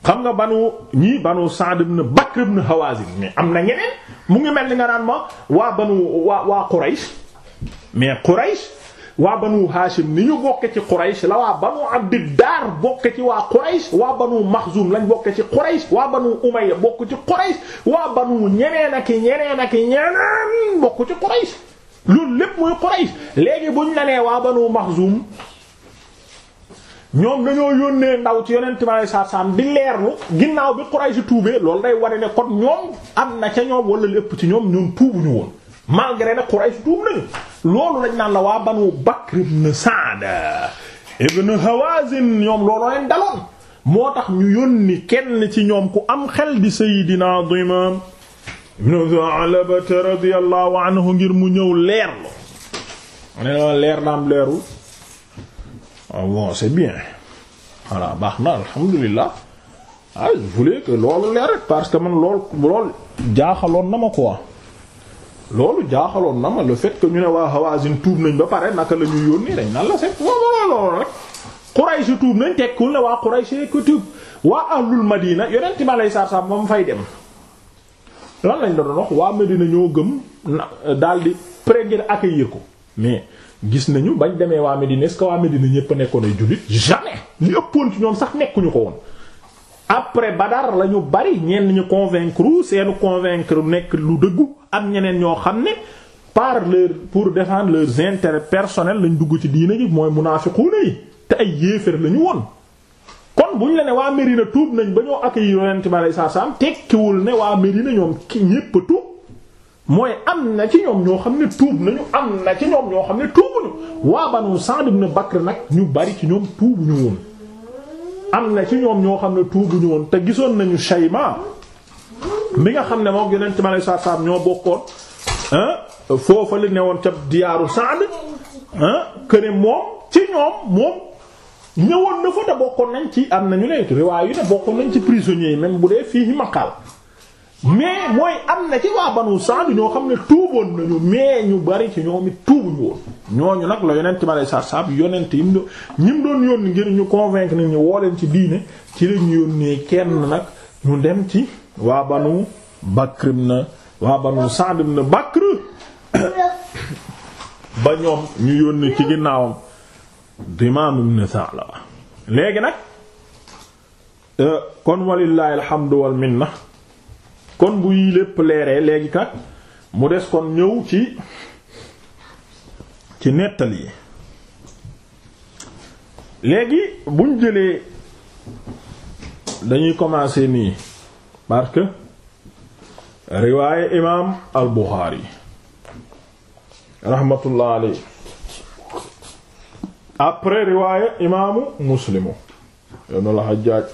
xam nga banu ñii banu Sa'd ibn Bakr ibn Hawazin am na ñeneen mu ngi mel ni nga naan ma waa banu waa waa Quraysh mais Quraysh waa banu Hashim ni ñu bokke ci Quraysh la waa banu Abdiddar bokke ci waa Quraysh waa banu Maxzum lañ bokke ci Quraysh waa banu bokk ci Quraysh waa banu ñeneen ak bokk ci Quraysh loolu lépp muy Quraysh léegi buñ la nee waa banu Maxzum ñoom dañoo yónnee ndaw ci yonent bi alei satu bi di leerlu ginnaaw bi Quraysh tuubee loolu day ware ne kon ñoom am na ca ñoom wala lépp ci ñoom ñoom tuubuñu woon malgré ne Quraysh tuub nañu loolu lañ naan la waa Banu Bakr ibn Sa'd ibn Hawazin ñoom looloo leen daloon moo tax ñu yónni kenn ci ñoom ku am xel di Seydina Dimaam ibn Tha'laba radiyallahu anhu ngir mu ñëw leerlu ne leer naam leerul bon c'est bien voilà baax na alhamdulilah ah je voulais que loolu leer rek parce que man loolu loolu jaaxaloon na ma quoi loolu jaaxaloon na ma le fait ñu ne waa Hawazin tuub nañ ba pare naka la ñuy yónnee dañ nan la c'est loolu rek Quraysh tuub nañ tekkul ne waa Quraysh ko tuub waa ahlul Madina yonent ma lay saar saar moom fay dem lan lañ la doon wax waa Madina ñoo gëm daldi pré ngir accueillir ko mais. gis nañu bañ demee waa Medina est-ce que waa Medina ñëpp a nekkoon ay jullit jamais li ëppoon ci ñoom sax nekkuñu ko woon. après Badar la ñu bari ñenn ñu convaincre seenu convaincre nekk lu dëggu am ñeneen ñoo xam ne par leur pour défendre leurs intérêts personnels lañ dugg ci diina ji mooy munaafiquuna yi te ay yéefér la ñu woon. kon bu ñu la ne waa Medina tuub nañ ba ñoo accueillir Yonent bi sallallahu alayhi tekkiwul ne waa Medina ñoom ki tuub. mooy am na ci ñoom ñoo xam ne tuub nañu am na ci ñoom ñoo xam ne tuubuñu waa banu bu ibn Bakr nag ñu bari ci ñoom tuubuñu woon am na ci ñoom ñoo xam ne tuubuñu woon te gisoon nañu Shayma mi nga xam ne moom Yonent mi alayhi salaatu salaam ñoo bokkoon foofa li ne woon ca diyaaru Sa'd këne moom ci ñoom moom ñëwoon na te bokkoon nañ ci am nañu ñu ne riwaay yu ne bokkoon nañ ci prisonniers yi même bu dee fii maqaal mais mooy am na ci waa banu Saad ñoo xam ne tuuboon nañu mais ñu bari ci ñoom it tuubuñu woon ñooñu nag la yonent ma lay saab yonent yim doon doon yónni ngir ñu convaincre nit ñu woo leen ci diine ci lañu yónnee kenn nag ñu dem ci waa banu Bakr ibn waa banu Saad ibn Bakr ba ñoom ñu yónni ci ginnaawam Dimaam ibn Sa'laba léegi nag euh, kon walillahi alhamdu wal minna kon bu lépp leeree léegi kat mu des kon ñëw ci ci nettal yi léegi buñ jëlee dañuy commencer nii parce que riwaaye imaam al Buxaari rahmatullah alayhi après riwaaye imaamu muslimu yoonu al Hajjaaj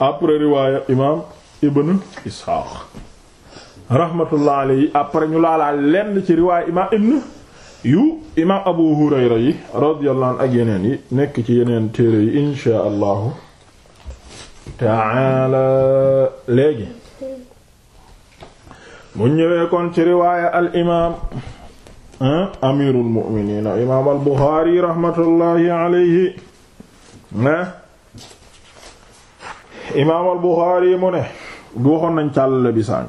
après riwaaye imaam ibn Ishaq rahmatullah alayhi après ñu laalaa lenn ci riwaay imaam ibn yu imaam Abu Hurayra yi radiyallahu anhu ak yeneen yi nekk ci yeneen téere yi inshaa allahu taala léegi mu ñëwee kon ci riwaaya al imaam amirul mu'miniin imaam al Buxaari rahmatullahi alayhi na imaam al Buxaari mu ne du waxoon nañ càllale bi sànk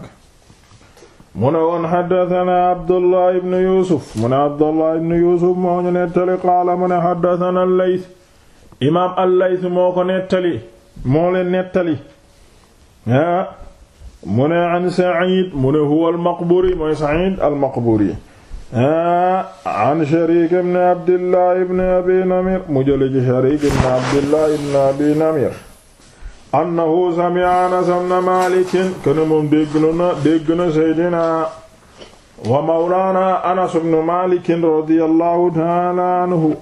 mu ne woon xaddatana abdullah ibn yuusuf mu ne abdullah ibn yuusuf moo ñu nettali qaala mu ne xaddatana allays imaam allays moo ko nettali moo leen nettali ah mu ne an said mu ne huwa almaqburi mooy said almaqburi ah, an sharik ibn abdillah ibn abi namir mu jële ci sharik ibn abdillah ibn abi namir annahu sami'a Anas ibn Maalik kene moom dégg na dégg na seydina wa mawlaana Anas ibn Maalik radiyallahu ta'ala anhu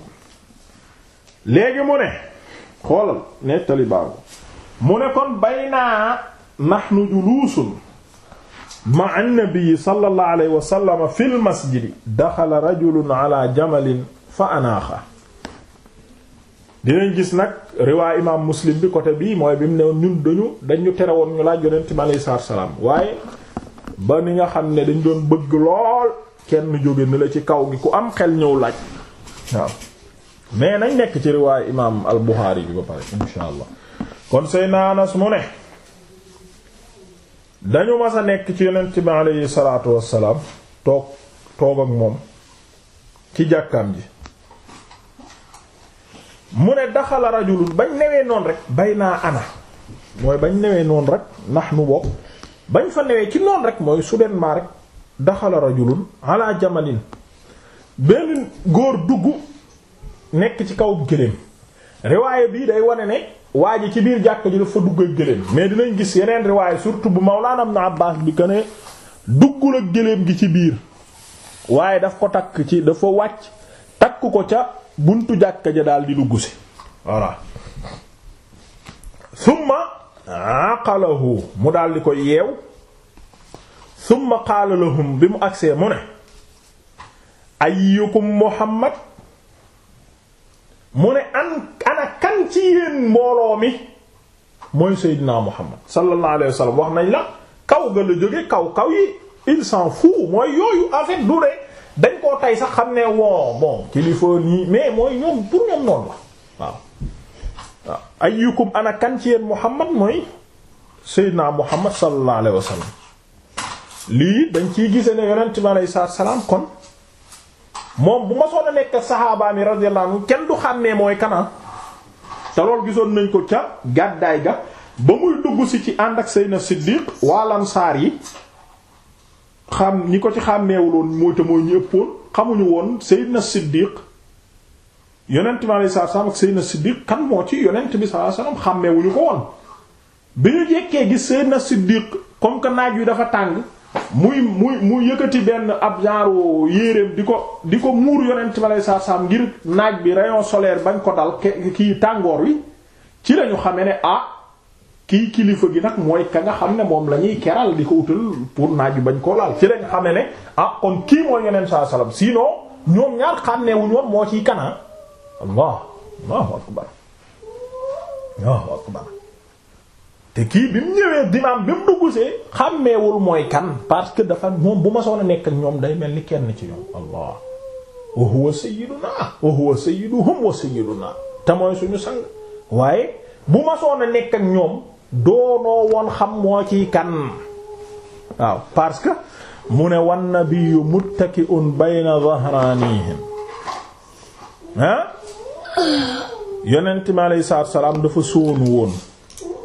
léegi mu ne xoolal nettali baabu mu ne kon baynaa nahnu juluusun ma'a an-nabiyyi sallallahu alayhi wa sallam fil masjidi daxala rajulun ala jamalin fa anaaxa dinañ gis nag riwaay imaam muslim bi côté bii mooy bi mu ne ñun dañu dañu tere woon ñu laaj yonent mi alayhi salaatu salaam waaye ba ni nga xam ne dañ doon bëgg lool kenn jóge ni la ci kaw gi ku am xel ñëw laaj waaw mais nañ nekk ci riwaay imaam al Buxaari bi ba pare insha allah kon Seydina Anas mu ne dañu mas a nekk ci yonent bi alayhi salaatu wassalaam toog toog ak moom ci jàkkaam ji mu ne daxala rajulun bañ newee noonu rek bay naa ana mooy bañ newee noonu rek nax nu bokk bañ fa newee ci noonu rek mooy soudainement rek daxala rajulun ala jamalin benn góor dugg nekk ci kaw gëléem riwaaye bii day wane ne waa ji ci biir jàkk ji dafa dugg ak gëléem mais dinañ gis yeneen riwaaye surtout bu Mawlaana Ibn Abbaas bi que ne duggul ak gëléem gi ci biir waaye daf ko takk ci dafa wàcc takk ko ca buntu jàkka ja daal di dugg si voilà summa aqalahu mu daal di ko yeew summa qaala bi mu agsee mu ne ayyukum muhammad mu ne an ana kan ci yéen mbooloo mi mooy seydinaa muhammad sallallahu alayhi wa wax nañ la kaw ga la jóge kaw kaw yi il s'en mooy yooyu en du rek dañ koo tey sax xam ne won bon kilifa nii mooy ñoom pour ñoom noonu la waaw waaw ayyukum ana ci yéen Muhammad mooy Seydina Muhammad sallallahu alayhi lii dañ ciy gise ne yonent bi alayhi salaatu kon moom bu ma soon a nekk saxaabaa kenn du xàmmee mooy kanam ah. te lool gisoon nañ ko ca gàddaay ga ba muy dugg si ci ànd ak Seydina Siddiq wal Ansaar yi xam ñi ko ci xàmmeewuloon mooy te mooy ñu ëppoon xamuñu woon Seydina Siddiq yonent bi alayhi salaam ak Seydina Siddiq kan moo ci yonent bi sallallahu alayhi wasallam xàmmeewuñu ko woon bi ñu jekkee gis Seydina Siddiq comme que naaj wi dafa tàng muy muy mu yëkkati benn ab genre yéreem di ko di ko muur yonent bi alayhi salaam ngir naaj bi rayon solaire bañ ko dal kii tàngoor wi ci lañu xamee ne ah kii kilifa gi nag mooy ka nga xam ne moom la ñuy keral di ko utal pour naaju bañ koo laal ci lañ xam ne ne ah kon kii mooy yeneen saa salaam sinon ñoom ñaar xàmmeewuñu woon moo ciy kanaa allah allahu akbar te kii bi mu ñëwee dimaam bi mu duggsee xàmmeewul mooy kan parce que dafa moom bu ma soon a nekk ak ñoom day mel ni kenn ci ñoom allah wa huwa sayyiduna wa huwa sayyiduhum wa sayyiduna te mooy suñu sang waaye bu ma soon a nekk ak ñoom doonoo woon xam moo ciy kan waaw parce que mu ne wan nabiyyu muttaki'un bayna dhahranihim ah yonent mi alayhi salaatu dafa sóonu woon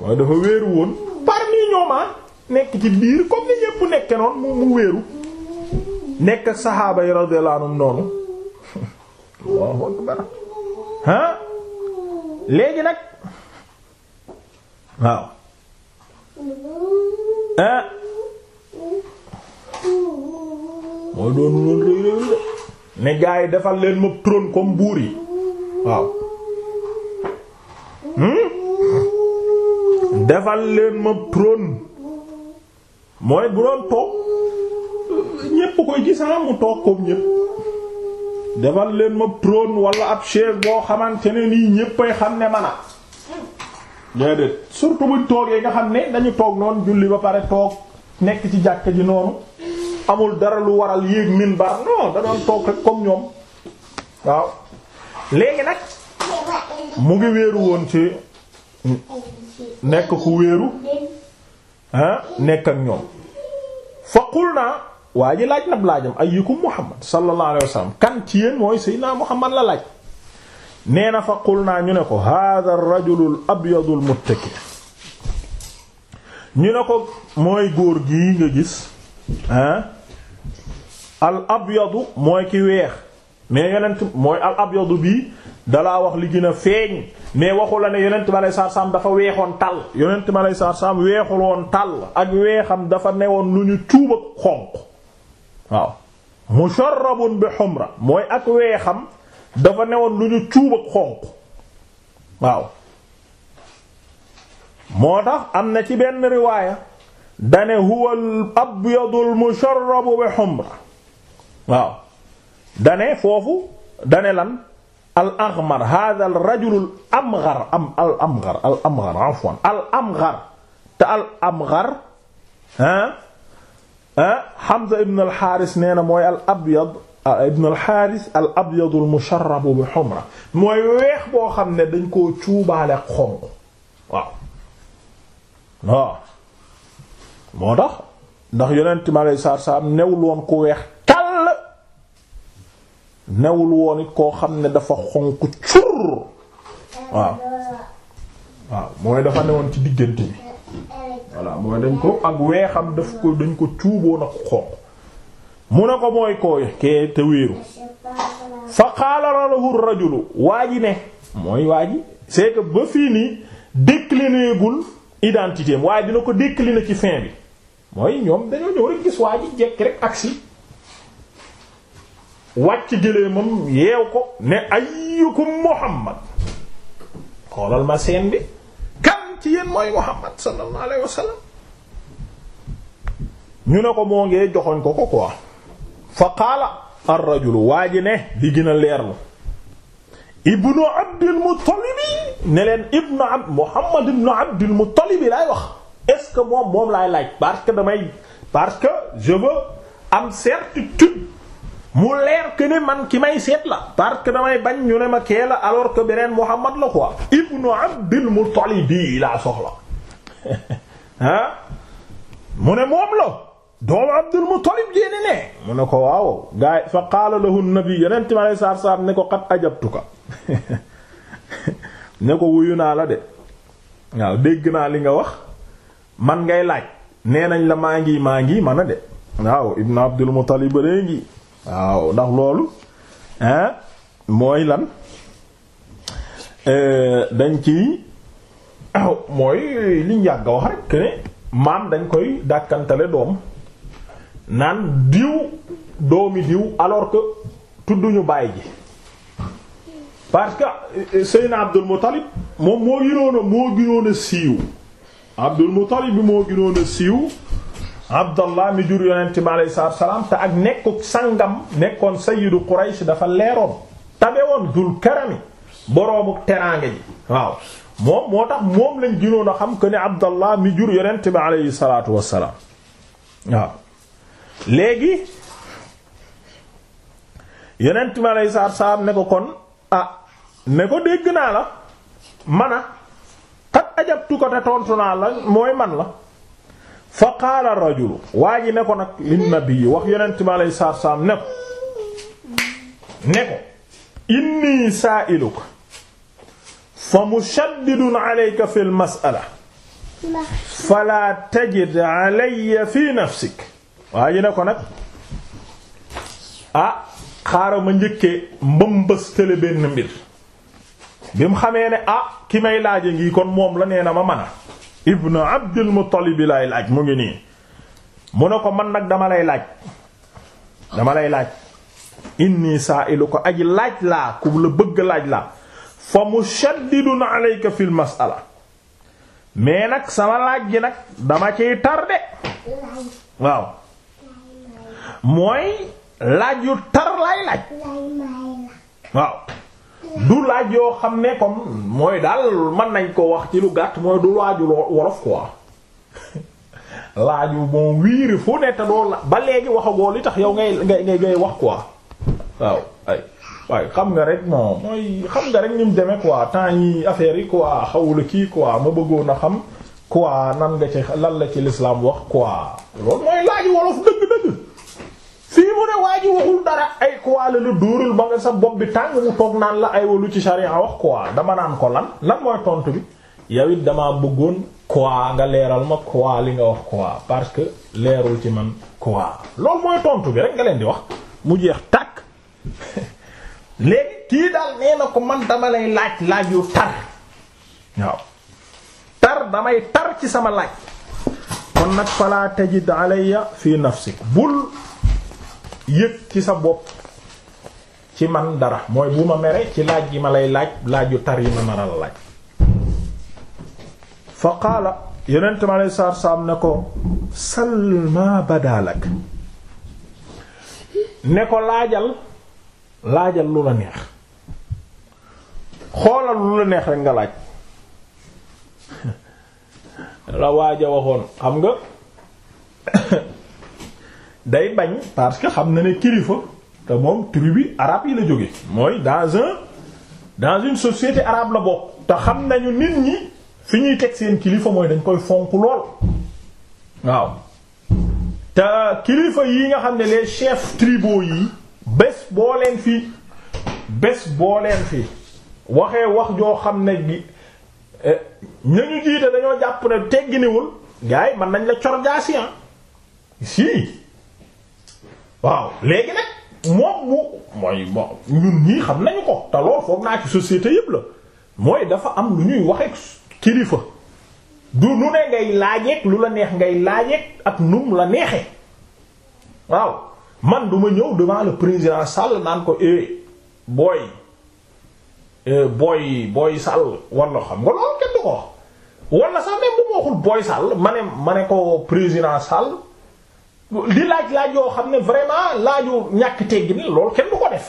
mooy dafa wéeru woon parmi ñooma ah, nekk ci biir comme ni ñépp nekke noonu mu wéeru nekk saxaaba yi radiyallahu noonu léegi nag waaw eh? mooy doonu loolu rëy rëy de gaa yi defal leen ma trône comme buur yi waaw hmm? defal leen ma trône mooy bu doon toog ñépp koy gis ah, mu toog comme ñépp defal leen ma trône wala ab chef boo xamante ne nii ñéppay xam ne mana déedéet surtout buñ yi nga xam ne dañu toog noonu julli ba pare toog nekk ci jàkka ji noonu amul dara lu waral yéeg minbar non da doon toog rek comme ñoom waaw léegi nag mu ngi wéeru woon ci nekk ku wéeru ah nekk ak ñoom faqul naa waa ji laaj nab laajam ayyukum muhammad sallallahu alayhi wasallam kan ci yéen mooy sayyidina muhammad la laaj nee na fa qul naa ñu ne ko hada rajulul abyadul muttaki ñu ne ko mooy góor gii nga gis ah al abyadu mooy ki weex mais yonent mooy al abyadu bii dalaa wax li gën a feeñ mais waxu ne yonent ma lay saar dafa weexoon tàll yonent ma lay saar weexul woon tàll ak weexam dafa newoon lu ñu cuub xonq waaw musharrabun bi humra mooy ak weexam dafa newoon lu ñu cuub ak xonq waaw am na ci benn riwaaya dane huwa al abyadul musharrabu humra waaw dane foofu dane lan al aghmar hadha al rajul al amghar al amghar al amghar al amghar te al amghar ah, ah, Hamza ibn al Haris nee na mooy al abyad ibn al-Haaris al-abyad al-musharrab bi humra mooy weex boo xam ne dañ koo cuubaale ak xonq waaw waaw moo tax ndax yonent mi alayhi salaatu salaam newul woon ku weex tàll newul woon it koo xam ne dafa xonq cur waaw waaw mooy dafa newoon ci diggante bi voilà mooy dañ ko ak weexam daf ko dañ ko cuuboon ak xonq mu ne ko mooy kooy kee te wéeru fa qaala lahu rajulu waa ji ne mooy waa ji c'est ba fii nii décliné gul identité am waaye dina ko décliné ci fin bi mooy ñoom dañoo ñëw rek gis waa ji jekk rek agsi wàcc gëléemam yeew ko ne ayyukum muhammad xoolal ma seen bi kan ci yéen mooy muhammad sallallahu alayhi wa ñu ne ko moo ngee joxoñ ko ko quoi fa qaala ar rajulu waa ji ne di gën a leerlu ibnu abdil muttalibi ne leen ibnu abd muhammad ibnu abdil muttalibi laay wax est-ce que moom moom laay laaj parce que damay parce que je veux am mu leer que ne man ki may seet la parce que damay bañ ñu ne ma kee la alors que beneen muhammad la quoi ibnu abdil muttalibi mu ne la doomu Abdul Muttalib jéene ne mu ne ko waaw gaay fa qaala lahu nabi yeneen time alay saar saar ne ko qad ajabtuka ne ko wuyu naa la de waaw dégg naa li nga wax man ngay laaj nee nañ la maa ngi maa ngi man a de waaw ibnu Abdul Muttalib ree ngi waaw ndax loolu hein mooy lan eh, dañ ci mooy liñ yàgg wax rek ne maam dañ koy dàkkantale doom naan diw doomi diw alors que tudduñu baay ji parce que euh, Seyna Abdul moom moo gënoon a moo gënoon a siiw Abdul Muttalib bi moo gënoon a siiw Abdallah mi jur yonent mi alayhi salaatu salaam te ak nekku sangam nekkoon sayyidu Quraysh dafa leeroon tabewoon dul karami boroomu teraange ji waaw moom moo tax moom lañ gënoon xam que ne Abdallah mi jur yonent mi alayhi salaatu wassalaam waaw léegi yeneen mi aleyi saatu salaam ne ko kon ah ne ko dégg naa la mana xat ajabtu ko te tontu naa la mooy man la fa qaala rajulu waa ji ne ko nag lin nabi wax yonent mi aleyi saatu salaam ne ko ne ko inni sa'iluka fa mushaddidun alayka fil mas'ala fala tajid alayya fi nafsik waa ji ne ko nag ah xaaral ma njëkkee mbëmbëstale benn mbir bi mu xamee ne ah ki may laaje ngi kon moom la nee na ma mana ibnu abdul muttalib lay laaj mu ngi nii mu ne ko man nag dama lay laaj dama lay laaj inni sa'ilu ko aji laaj laa ku la bëgg laaj laa fa mushaddidun alayka fil mas'ala mais nag sama laaj gi nag dama ciy tardé waaw mooy laaj yu tar laay laaj waaw du laaj yoo xam ne comme mooy daal man nañ ko wax ci lu gàtt mooy du laaju wolof quoi laaju bon wiiri fu ne doo la ba léegi waxagoo li tax yow ngay ngay ngay wax quoi waaw ay xam nga rek non mooy xam nga rek ni mu demee quoi temps yi affaire yi quoi xawula kii quoi ma bëggoon a xam quoi nan nga ci lan la ci lislaam wax quoi loolu mooy laaju wolof dëgg-dëgg fii mu ne waa ji waxul dara ay quoi la la sa bopp bi tàng mu toog naan la ay walu ci sharia wax quoi dama naan ko lan lan mooy tontu bi yow dama bëggoon quoi nga leeral ma quoi li nga wax quoi parce que leerul ci man quoi loolu mooy tontu bi rek nga leen di wax mu jeex tàkk léegi kii daal nee na ko man dama lay laaj laaj yu tar waaw tar damay tar ci sama laaj kon nag fala tajid alayya fi nafsik bul yëg ci sa bopp ci man dara mooy bu ma mere ci laaj yi ma lay laaj laaju tar yi ma nara la laaj fa qaala yonent ma lay saar saam ne ko salma badaalak ne ko laajal laajal lu la neex xoolal lu la neex rek nga laaj la waaja waxoon xam nga day bañ parce que xam na ne kilifa te moom tribu arabe yi la jóge mooy dans un dans un société arabe la bokk te xam nañu nit ñi fi ñuy teg seen kilifa mooy dañ koy fonk lool waaw te kilifa yi nga xam ne les chef tribaux yi bés boo leen fi bés boo leen fi waxee wax joo xam ne gi eh, ñañu jiite dañoo jàpp ne tegginiwul gars yi mën nañ la cor jaasi ah. si waaw léegi nag moom mu mooy bon ñun ñii xam nañu ko te lool foog naa ci société yëpp la mooy dafa am lu ñuy waxee kilifa du nu ne ngay laajeeg lu la neex ngay laajeeg ak num la neexe waaw man du ma ñëw devant le président Sall naan ko eh, booy eh, booy booy Sall wala xam nga loolu kenn du ko wala sax même bu ma waxul booy Sall ma ne ma ne ko président Sall. di laaj-laaj yoo xam ne vraiment laaju ñàkk teggi ni loolu kenn du ko def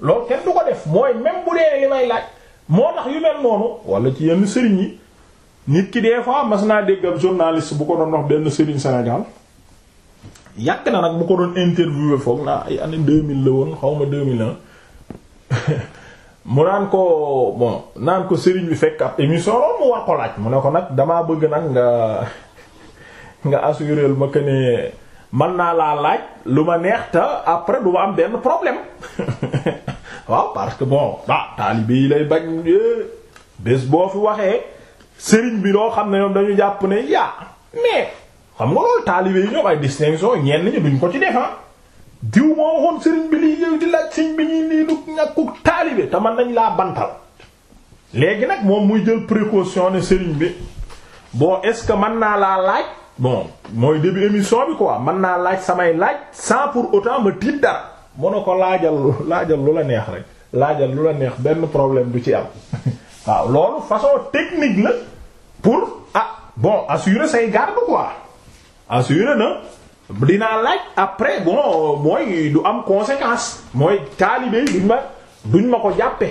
loolu kenn du ko def mooy même bu dee li may laaj moo tax yu mel noonu wala ci yenn sëriñ nit ki des fois naa dégg ab journaliste bu ko doon wax na nag bu ko doon xaw ma 2001 mu ko naan ko sëriñ bi fekk ab ko laaj mu ne ko nag damaa bëgg nag nga nga assuréel ma que man naa laa laaj lu ma neex te après du ma am benn problème waaw parce que bon ah taalibe yi lay bañ eh, bés boo fi waxee sëriñ bi loo xam ne ñoom dañu jàpp ne yaa mais xam nga loolu taalibe yi ñoom ay distinction ñenn ñi duñ ko ci def ah. diw moo waxoon sëriñ bi lii yëw di laaj sëriñ bi ñuy nii lu ñàkkuk taalibe te mën nañ laa bantal léegi nag moom muy jël précaution ne sëriñ bi bon est-ce que mën naa laa laaj. bon mooy début émission bi quoi mën naa laaj samay laaj sans pour autant ba tiit dara mun na ko laajal laajal lu la neex rek laajal lu la neex benn problème du ci am waaw loolu façon technique la pour ah bon assurer say garde quoi assurer na dinaa laaj après bon mooy du am conséquence mooy taalibe duñ ma duñ ma ko jàppe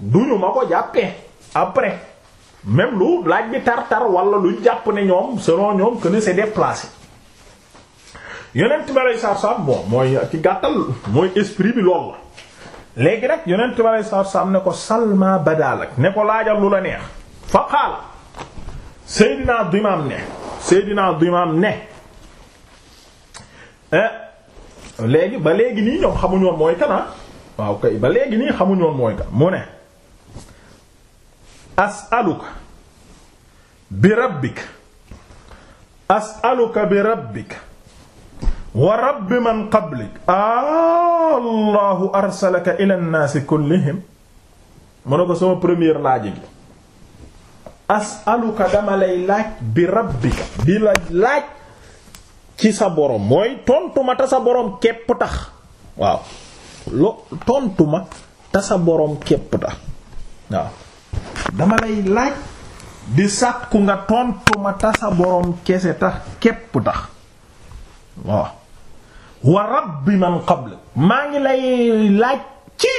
duñu ma ko jàppe après même lu laaj bi tar-tar wala lu jàpp ne ñoom selon ñoom que ne c'est déplacé yonent bi aleyhi salaatu mooy ci gàttal mooy esprit bi loolu la léegi nag yonent bi aleyhi salaatu salaam ne ko salma badalak ne ko laajal lu la neex fa qaala Seydina Dimaam ne Seydina Dimaam ne eh, léegi ba léegi nii ñoom xamuñoon mooy kan ah? waaw kay ba léegi nii xamuñoon mooy kan mu ne as'aluka bi rabbika as'aluka bi rabbika wa man qablik allahu arsalaka ila nnaasi kullihim mu ne ko sama première laaj gi as'aluka dama lay laaj bi rabbika di la laaj ci sa borom mooy tontuma te borom képp tax waaw lo tontuma te sa borom képp tax waaw dama lay laaj di sàkku nga tontu ma tasa boroom kese tax képp tax waaw wa rabbi man qabl maa ngi lay laaj ci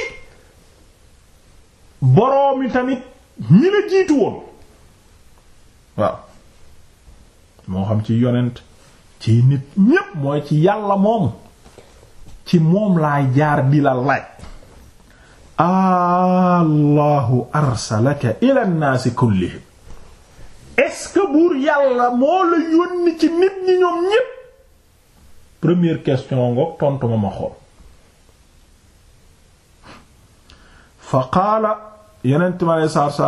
boroomi tamit ñi la jiitu woon waaw moo xam ci yonent ci nit ñépp mooy ci yàlla moom ci moom laay jaar di la laaj allahu arsalaka ila nnaasi kullihim est ci nit ñi ñoom ñépp première question ngoog tontu ma ma xool fa qaala yenent mi alei saatu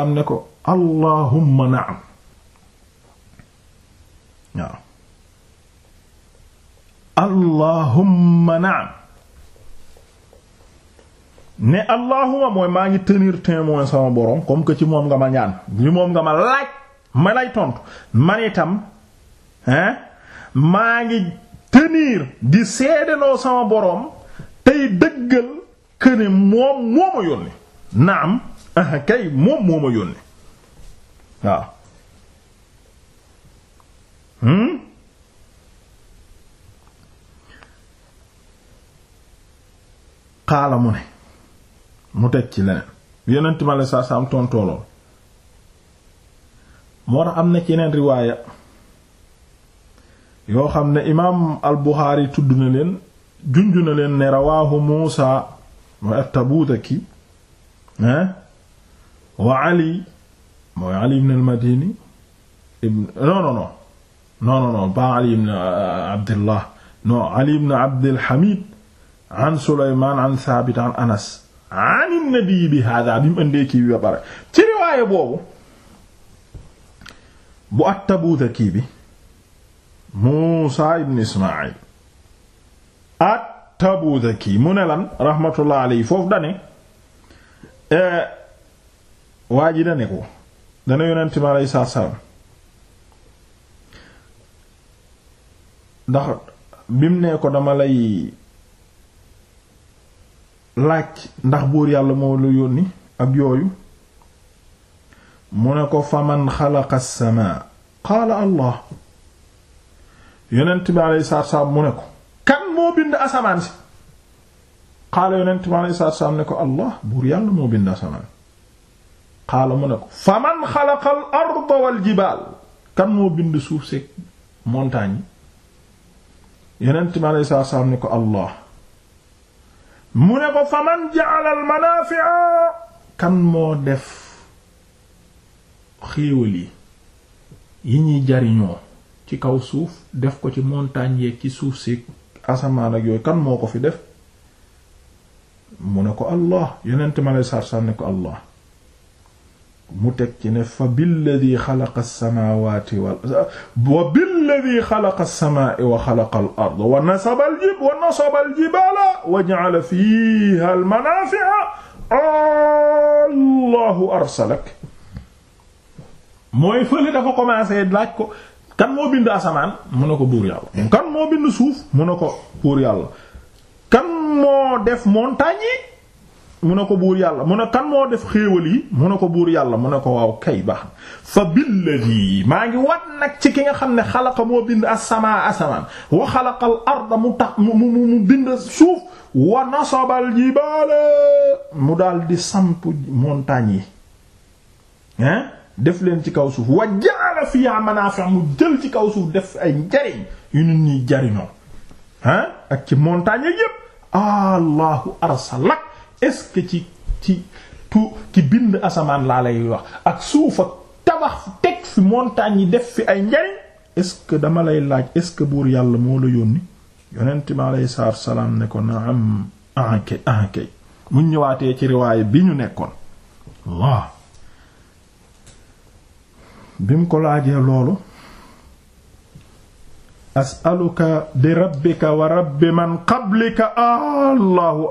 ne allahuma mooy maa ngi tenir témoin sama borom comme que ci moom nga ma ñaan ci moom nga ma laaj ma lay tontu man itam hein maa ngi tenir di seedeloo sama borom tey dëggal que moom moo ma yónni naam kay moom moo ma yónni waaw hmm xaala ne mu teg ci leneen yonent ma la saa saam tontoolool moo tax am na ci yeneen riwaaya yoo xam ne imaam al tudd na leen junj na leen ne rawaahu Muusa mooy at-Tabuutaki hein wa Ali mooy Ali ibn al-Madini ibn non non non non Ali ibn euh, Abdullah non Ali ibn Abdul Hamid an Sulaymaan an Saabit an Anas an nabii bi hada bi mu ëndee ba pare ci riwaaye boobu bu at tabuuta kii bi Muusa ibn Ismaayil at tabuuta kii mu ne lan rahmatullah foofu dane e, waa ji dane ko dana yonent mi alayhi salaam ndax bi nee ko dama lay laaj ndax buur yàlla moo la yónni ak yooyu mu ne ko faman xalaqa as-samaa qaala allah yonent bi alayhi salaatu mu ne ko kan moo bind asamaan si qaala yonent bi alayhi salaatu ne ko allah buur yàlla moo bind asamaan qaala mu ne ko faman xalaqa al arda wal jibaal kan moo bind suuf si montagne yi yonent bi alayhi salaatu ne ko allah mu ne ko fanaan ja'ala al manafi'a kan moo def xéewal yi yi ñuy jariñoo ci kaw suuf def ko ci montagne yeeg ci suuf si asamaan ak yooyu kan moo ko fi def mu ne ko allah yeneenti ma lay sar ne ko allah mu teg ci ne fa billadi xalaqa as-samaawaati wal wa billadi xalaqa as-samaa'i wa al-ard wa nasaba al-jib wa nasaba al wa ja'ala fiiha al-manaafi'a allahu arsalak mooy fële dafa commencé laaj ko kan moo bind asamaan mu ne ko buur yàlla kan moo bind suuf mu ne ko buur yàlla kan moo def montagne mu ne ko buur yàlla mu ne kan def xéewal yi mu ne ko buur yàlla mu ne ko waaw kay baax fa billadi maa ngi wat nag ci ki nga xam ne xalaqa moo bind as-samaa asamaan wa xalaqa arda mu tax mu mu mu bind suuf wa nasabal jibaala mu daal di samp montagnes yi hein def leen ci kaw suuf wa jaala fiha manaafi mu jël ci kaw suuf def ay njariñ yu nit ñuy jariñoo hein ak ci montagnes yépp allahu arsalak est ci ci tu ci bind asamaan laa lay wax ak suufa ak tabax teg fi montagne yi def fi ay njariñ est-ce dama lay laaj est-ce que buur yàlla moo la yónni yonent mi alayhi salaatu salaam ne ko naam ankay ankay mu ñëwaatee ci riwaay bi ñu nekkoon waaw bi mu ko laajee loolu as'aluka bi rabbika wa rabbi man qablika allahu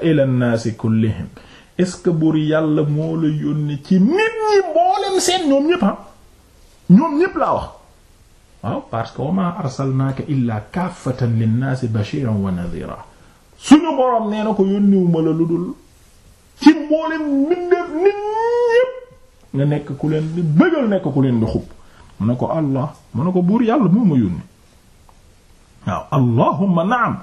ila nnaasi kullihim est-ce que buur yàlla moo la yónni ci nit ñi mboolem ñoom ñépp ah ñoom ñépp laa wax waaw parce que wa maa arsalnaaka illaa kaafatan linnaasi wa nadhira suñu boroom nee na ko la lu dul ci mboolem mbindeef nit ñépp nga nekk ku leen di bëggal nekk ku leen di xub mu ko allah mu ne ko buur yàlla moo ma yónni waaw allahumma naam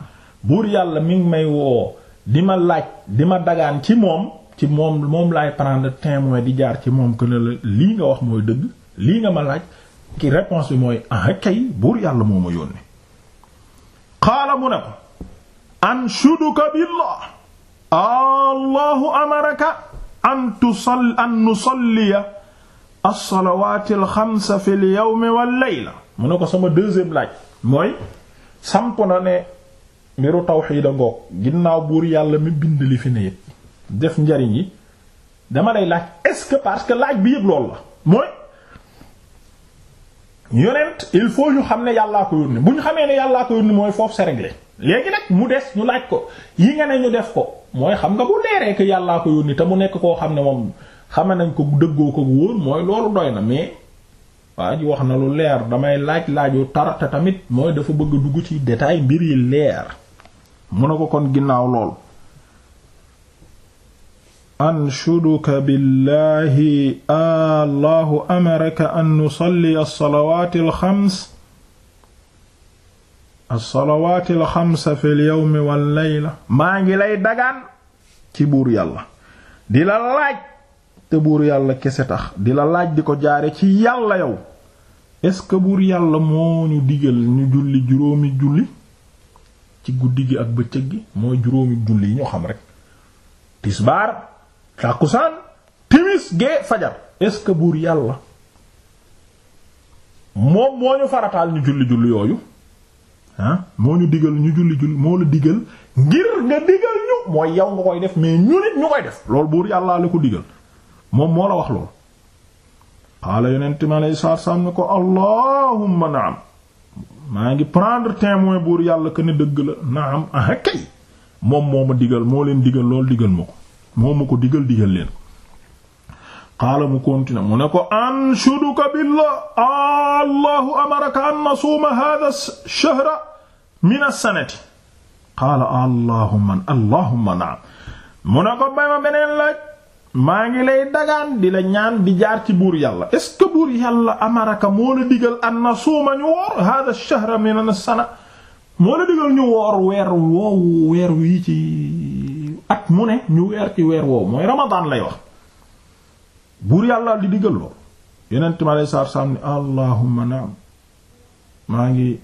buur yàlla mi ngi may woo di ma laaj di ma dagaan ci moom ci moom moom laay prendre témoin di jaar ci moom que ne la lii nga wax mooy dëgg lii nga ma laaj ki réponse bi mooy ah kay buur yàlla moo ma yónni qaala mu ne ko anshuduka billah allahu amaraka an tusalli an nusalliya as-salawaatil xamsa fil yawmi wal layla mu ne ko sama deuxième laaj mooy samp na ne mbiru tawxiid a ngoog ginnaaw buur yàlla mi bind li fi ne yëpp def njariñ yi dama lay laaj est-ce que parce que laaj bi yëpp loolu la mooy yonent il faut ñu xam ne yàllaa ko yónni bu ñu xamee ne yàllaa ko yónni mooy foofu serengle léegi nag mu des ñu laaj ko yi nga ne ñu def ko mooy xam nga bu leeree que yàllaa ko yónni te mu nekk koo xam ne moom xame nañ ko dëggoo ko wóor mooy loolu doy na mais waa wax na lu leer damay laaj laaju tar te tamit mooy dafa bëgg dugg ci détail mbir leer mu ne ko kon ginnaaw lool anshuduka billahi allahu amaraka an nusalli alsalawaati alxams alsalawaati alxamsa fi lyowmi wallayla maa ngi lay dagaan ci buur yàlla di la laaj te buur yàlla kese tax di la laaj di ko jaare ci yàlla yow est-ce que buur yàlla moo ñu digal ñu julli juróomi julli ci guddi gi ak bëccëg gi mooy juróomi julli yi ñu xam rek tisbaar tàkkusaan timis gee fajar est-ce que buur yàlla moom moo ñu farataal ñu julli julli yooyu ah moo ñu digal ñu julli julli moo la digal ngir nga digal ñu mooy yow nga koy def mais ñu nit ñu koy def loolu buur yàllaa la ko digal moom moo la wax loolu xaala yonent mi aleyhi salaatu salaam ne ko allahumma naam maa ngi prendre témoin buur yàlla que ne dëgg la naam ah kay moom moo ma digal moo leen digal lool digal ma ko moo ma ko digal digal leen xaala mu continuer mu ne ko anshuduka billah allahu amaraka an nasuuma hadha shahra min allahumma naam mu ko bay beneen laaj maa ngi lay dagaan di la ñaan di jaar ci buur yàlla est ce que buur yàlla amaraka moo la digal an na suuma ñu woor hada shahra min sana moo la digal ñu woor weer woowu weer wi ci at mu ne ñu weer ci weer woowu mooy ramadan lay wax buur yàlla di digal lool yenent mi alei saatu salaam ni allahumma naam maa ngi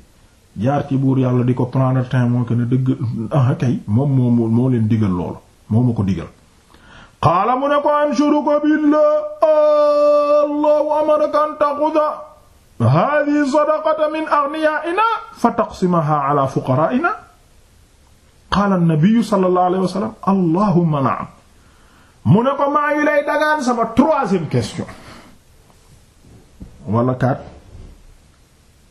jaar ci buur yàlla di ko prendre temps moo que ne dëgg ah kay moom moo moo leen digal loolu moo ma ko digal qaala mu ne ko anshuruka billah allahu amaraka an taxuda hadihi sadaqata min aghniyaina fa taqsimaha ala fuqaraina qaala an-nabi sallallahu alayhi wa sallam allahumma na'am mu ne ko maa ngi lay dagaan sama troisième question wala kat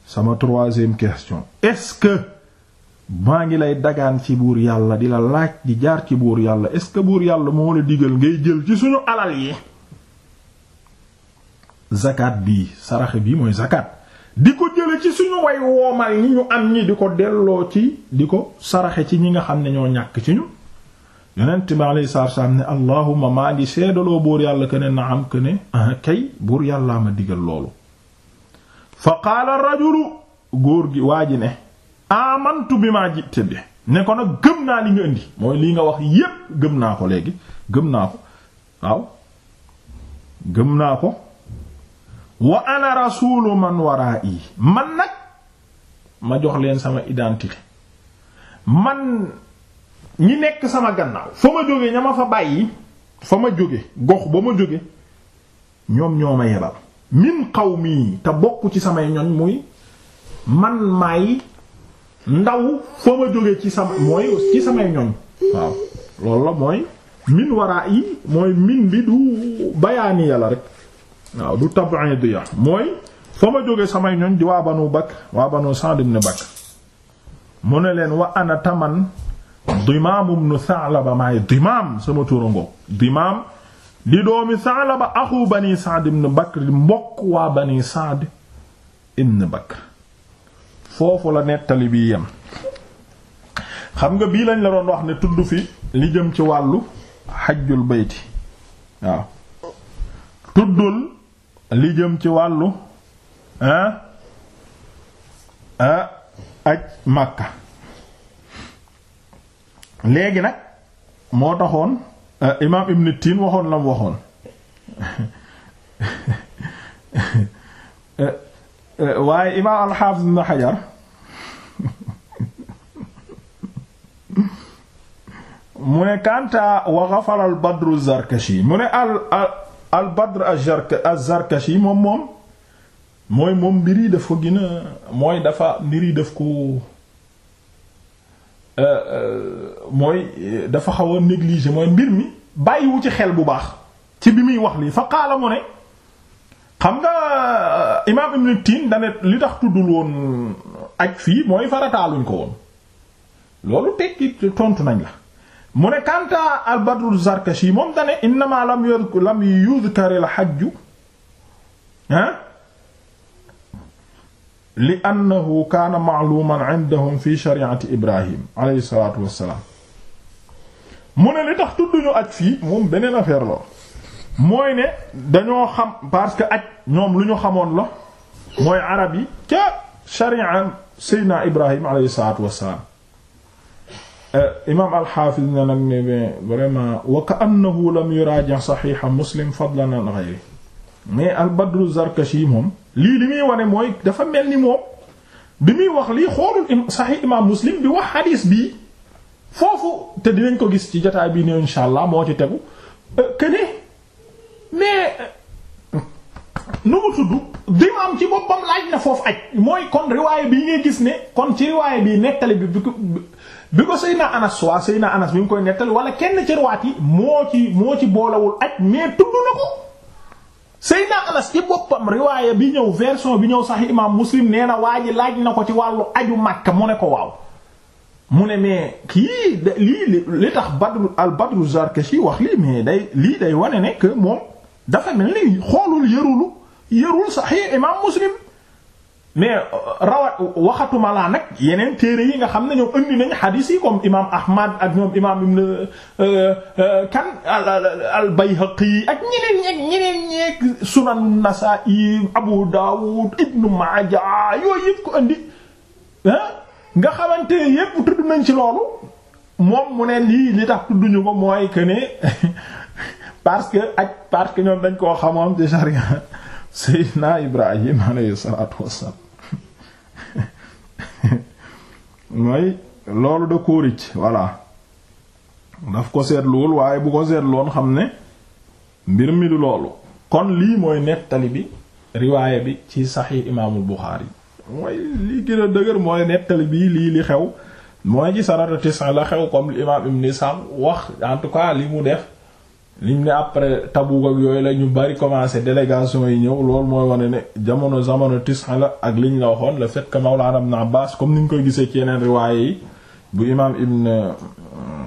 sama troisième question est-ce que maa ngi lay dagaan ci buur yàlla di la laaj di jaar ci buur yàlla est ce buur yàlla moo la digal ngay jël ci suñu alal yi zakat bii saraxe bii mooy zakat di ko jële ci suñu way woomal ñi ñu am ñi di ko delloo ci di ko saraxe ci ñi nga xam ne ñoo ñàkk ci ñu yonent bi alayhi salaatu wassalaam ne allahuma maa ngi seedaloo buur yàlla que ne na am que ne ah, kay buur yàlla ma digal loolu fa qaala rajulu góor gi waa ji ne amantu bi maa jiite bi ne ko nag gëm naa li nga indi mooy lii nga wax yépp gëm naa ko léegi gëm naa ko waaw gëm naa ko wa ana rasulu man wara'i man nag ma jox leen sama identité man ñi nekk sama gannaaw fa ma jóge ña ma fa bàyyi fa ma jóge gox ba ma jóge ñoom ñoo may yebal min qawmi te bokk ci samay ñoñ muy man maay ndaw fa ma jógee ci sama mooy ci samay ñoñ waaw loolu la mooy min waraa yi mooy min bi du bayaani yàlla rek waaw du tab'id ya mooy fa ma jóge samay ñoñ di waa banu Bakr waa banu Sa'd ibn Bakr mu ne leen wa ana taman Dimaam Sa'laba maay Dimaam sama turango Dimaam di doomi Sa'laba axu bani Sa'd ibn Bakr mbokk waa bani Sa'd ibn Bakr foofu la nettali bi yem xam nga bii lañ la doon wax ne tudd fi li jëm ci wàllu xajjul bayti li jëm ci wàllu ah aj Makka léegi nag moo taxoon euh, imaam Ibn Tin waxoon la mu waxoon euh, Eh, waaye imaam alxaafis ibn xajar mu ne kanta wa xafala al badru al zarkashi moom moom mooy moom mbir yi dafa gën a mooy dafa mbir yi daf ko eh, eh, mooy dafa xawa a mooy mbir mi bàyyiwu ci xel bu baax ci bi muy wax lii fa qaala mu ne xam nga euh, imaam Ibn Tin dane li tax tuddul woon ak fii mooy farataaluñ ko woon loolu tekki tontu nañ la mu ne kanta al Badru Zarkashi moom dane innama lam yuzkar lam yuzkar al hajj ah li annahu fi shari'ati Ibrahim alayhi salaatu wassalaam mu ne ak fii moom beneen affaire la mooy ne dañoo xam parce que aj ñoom lu ñu xamoon la mooy arab yi ca sharia seydina ibrahim alayhi salaatu wassalaam euh, imaam alxaafiz na nag ne mais al badru zarkashi moom lii li muy dafa mel ni bi muy wax lii xoolul saxiix imaam muslim bi wax xadiis bii foofu te dinañ ko gis ci jotaay bii ne moo ci tegu këne euh, mais nu mu tudd dimaam ci boppam laaj na foofu aj mooy kon riwaay bi ngay gis ne kon ci riwaay bi nettali bi bi ko Seydina Anas waa Seydina Anas bi mu koy nettali wala kenn ci riwaat yi moo ci moo ci boolewul aj mais tudd na ko Seydina Anas ci boppam riwaay bi ñëw version bi ñëw sax imaam Muslim nee na laaj na ko ci wàllu aju Makka mu ne ko waaw mu ne mais kii lii li tax Badru al Badru Zarkashi wax lii mais day lii day wane ne que dafa mel ni xoolul yërulu yërul saxiix imaam muslim mais euh, rawat waxatuma laa nag yeneen téere yi nga xam ne ñoom indi nañu xadiis yi imaam ahmad ak ñoom imaam ibn euh, euh, kan al bayhaqi ak ñeneen ñeeg ñeneen ñeeg sunan nasa'i abu dawud ibnu maaja yooyu yëpp ko indi nga xamante yëpp tudd nañ ci loolu moom mu ne lii li tax tudduñu ko mooy que parce que ak parce que ñoom dañ koo xamoon ci sharia Seydina Ibrahim alayhi salaatu wassalaam mooy loolu da koo rëcc voilà daf ko seetluwul waaye bu ko seetloon xam ne mbir mi du loolu kon lii mooy nettali bi riwaaya bi ci saxiix imaamul Buxaari mooy lii gën a dëgër mooy nettali bi lii li xew mooy ci sarata tisan la xew comme l'imam Ibn Sa'd wax en tout cas li mu def liñ ne après Tabuk ak yooyu la ñu bari commencé délégation yi ñëw loolu mooy wane ne jamono jamono tis'a la ak liñ la waxoon le fait que Mawlana na Abbas comme ni ñu koy gisee ci yeneen riwaaye yi bu imaam Ibn euh,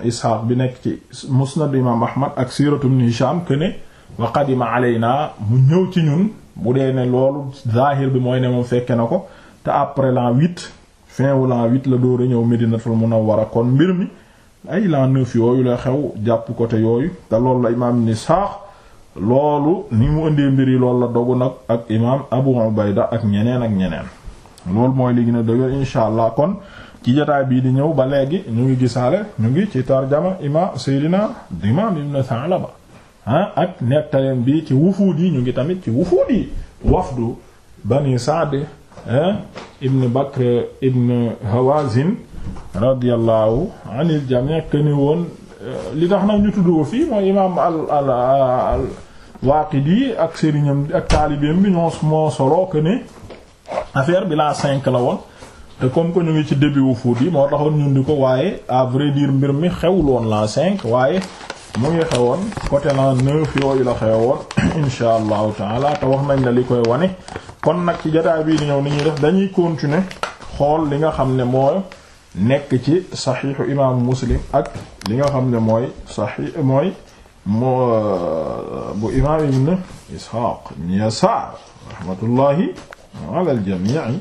Ishaq bi nekk ci musnad imaam Ahmad ak siiratu Ibn Hisham que yi wa qadima alaynaa mu ñëw ci ñun bu dee ne loolu zahir bi mooy ne moom fekke na ko te après l'an huit fin wu l'an huit la door a ñëw Medinatul Munawwara kon mbir mi. ay la neuf yooyu la xew jàpp côté yooyu te loolu la imaam ni saax loolu ni mu ëndee mbir yi loolu la dogu nag ak imaam Abu Ubayda ak ñeneen ak ñeneen loolu mooy li gën a insha allah kon ci jotaay bii di ñëw ba léegi ñu ngi gisaale ñu ngi ci tarjama ima Seydina Dimaam ibn Sa'laba ah, ak nettaleen bi ci wufuud yi ñu ngi tamit ci wufuud yi wafdu Bani Sa'd ah, ibn Bakr ibn Hawazin radiyallahu anil jami' que ni woon li tax nag ñu tudd ko fii mooy imaam al al al Waaqidi ak sëriñam ak taalibeem bi ñoo moo solo que ne bi la cinq la woon te comme que ñu ngi ci début wu fuut yi moo taxoon ñun di ko waaye à vrai dire mbir mi xewul woon la cinq waaye mu ngi xewoon côté la neuf yooyu la xewoon insha allahu taala te wax nañ la li koy wane kon nag ci jotaay bii di ñëw ni ñuy def dañuy continuer xool li nga xam ne mooy. nekk ci saxiixu imaamu muslim ak li nga xam ne mooy saxiix mooy moo bu imaam ibn isxaaq ibn yasaar raxmatullahi ala aljamii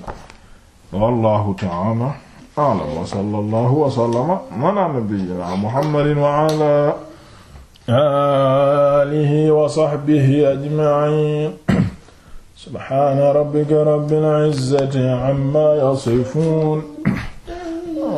wallahu taala alam wa sallallahu wa sallama ala nabiyyina muhammadin wa ala alihi wa sahbihi ajmain subhana rabbika rabbil izzati amma yasifun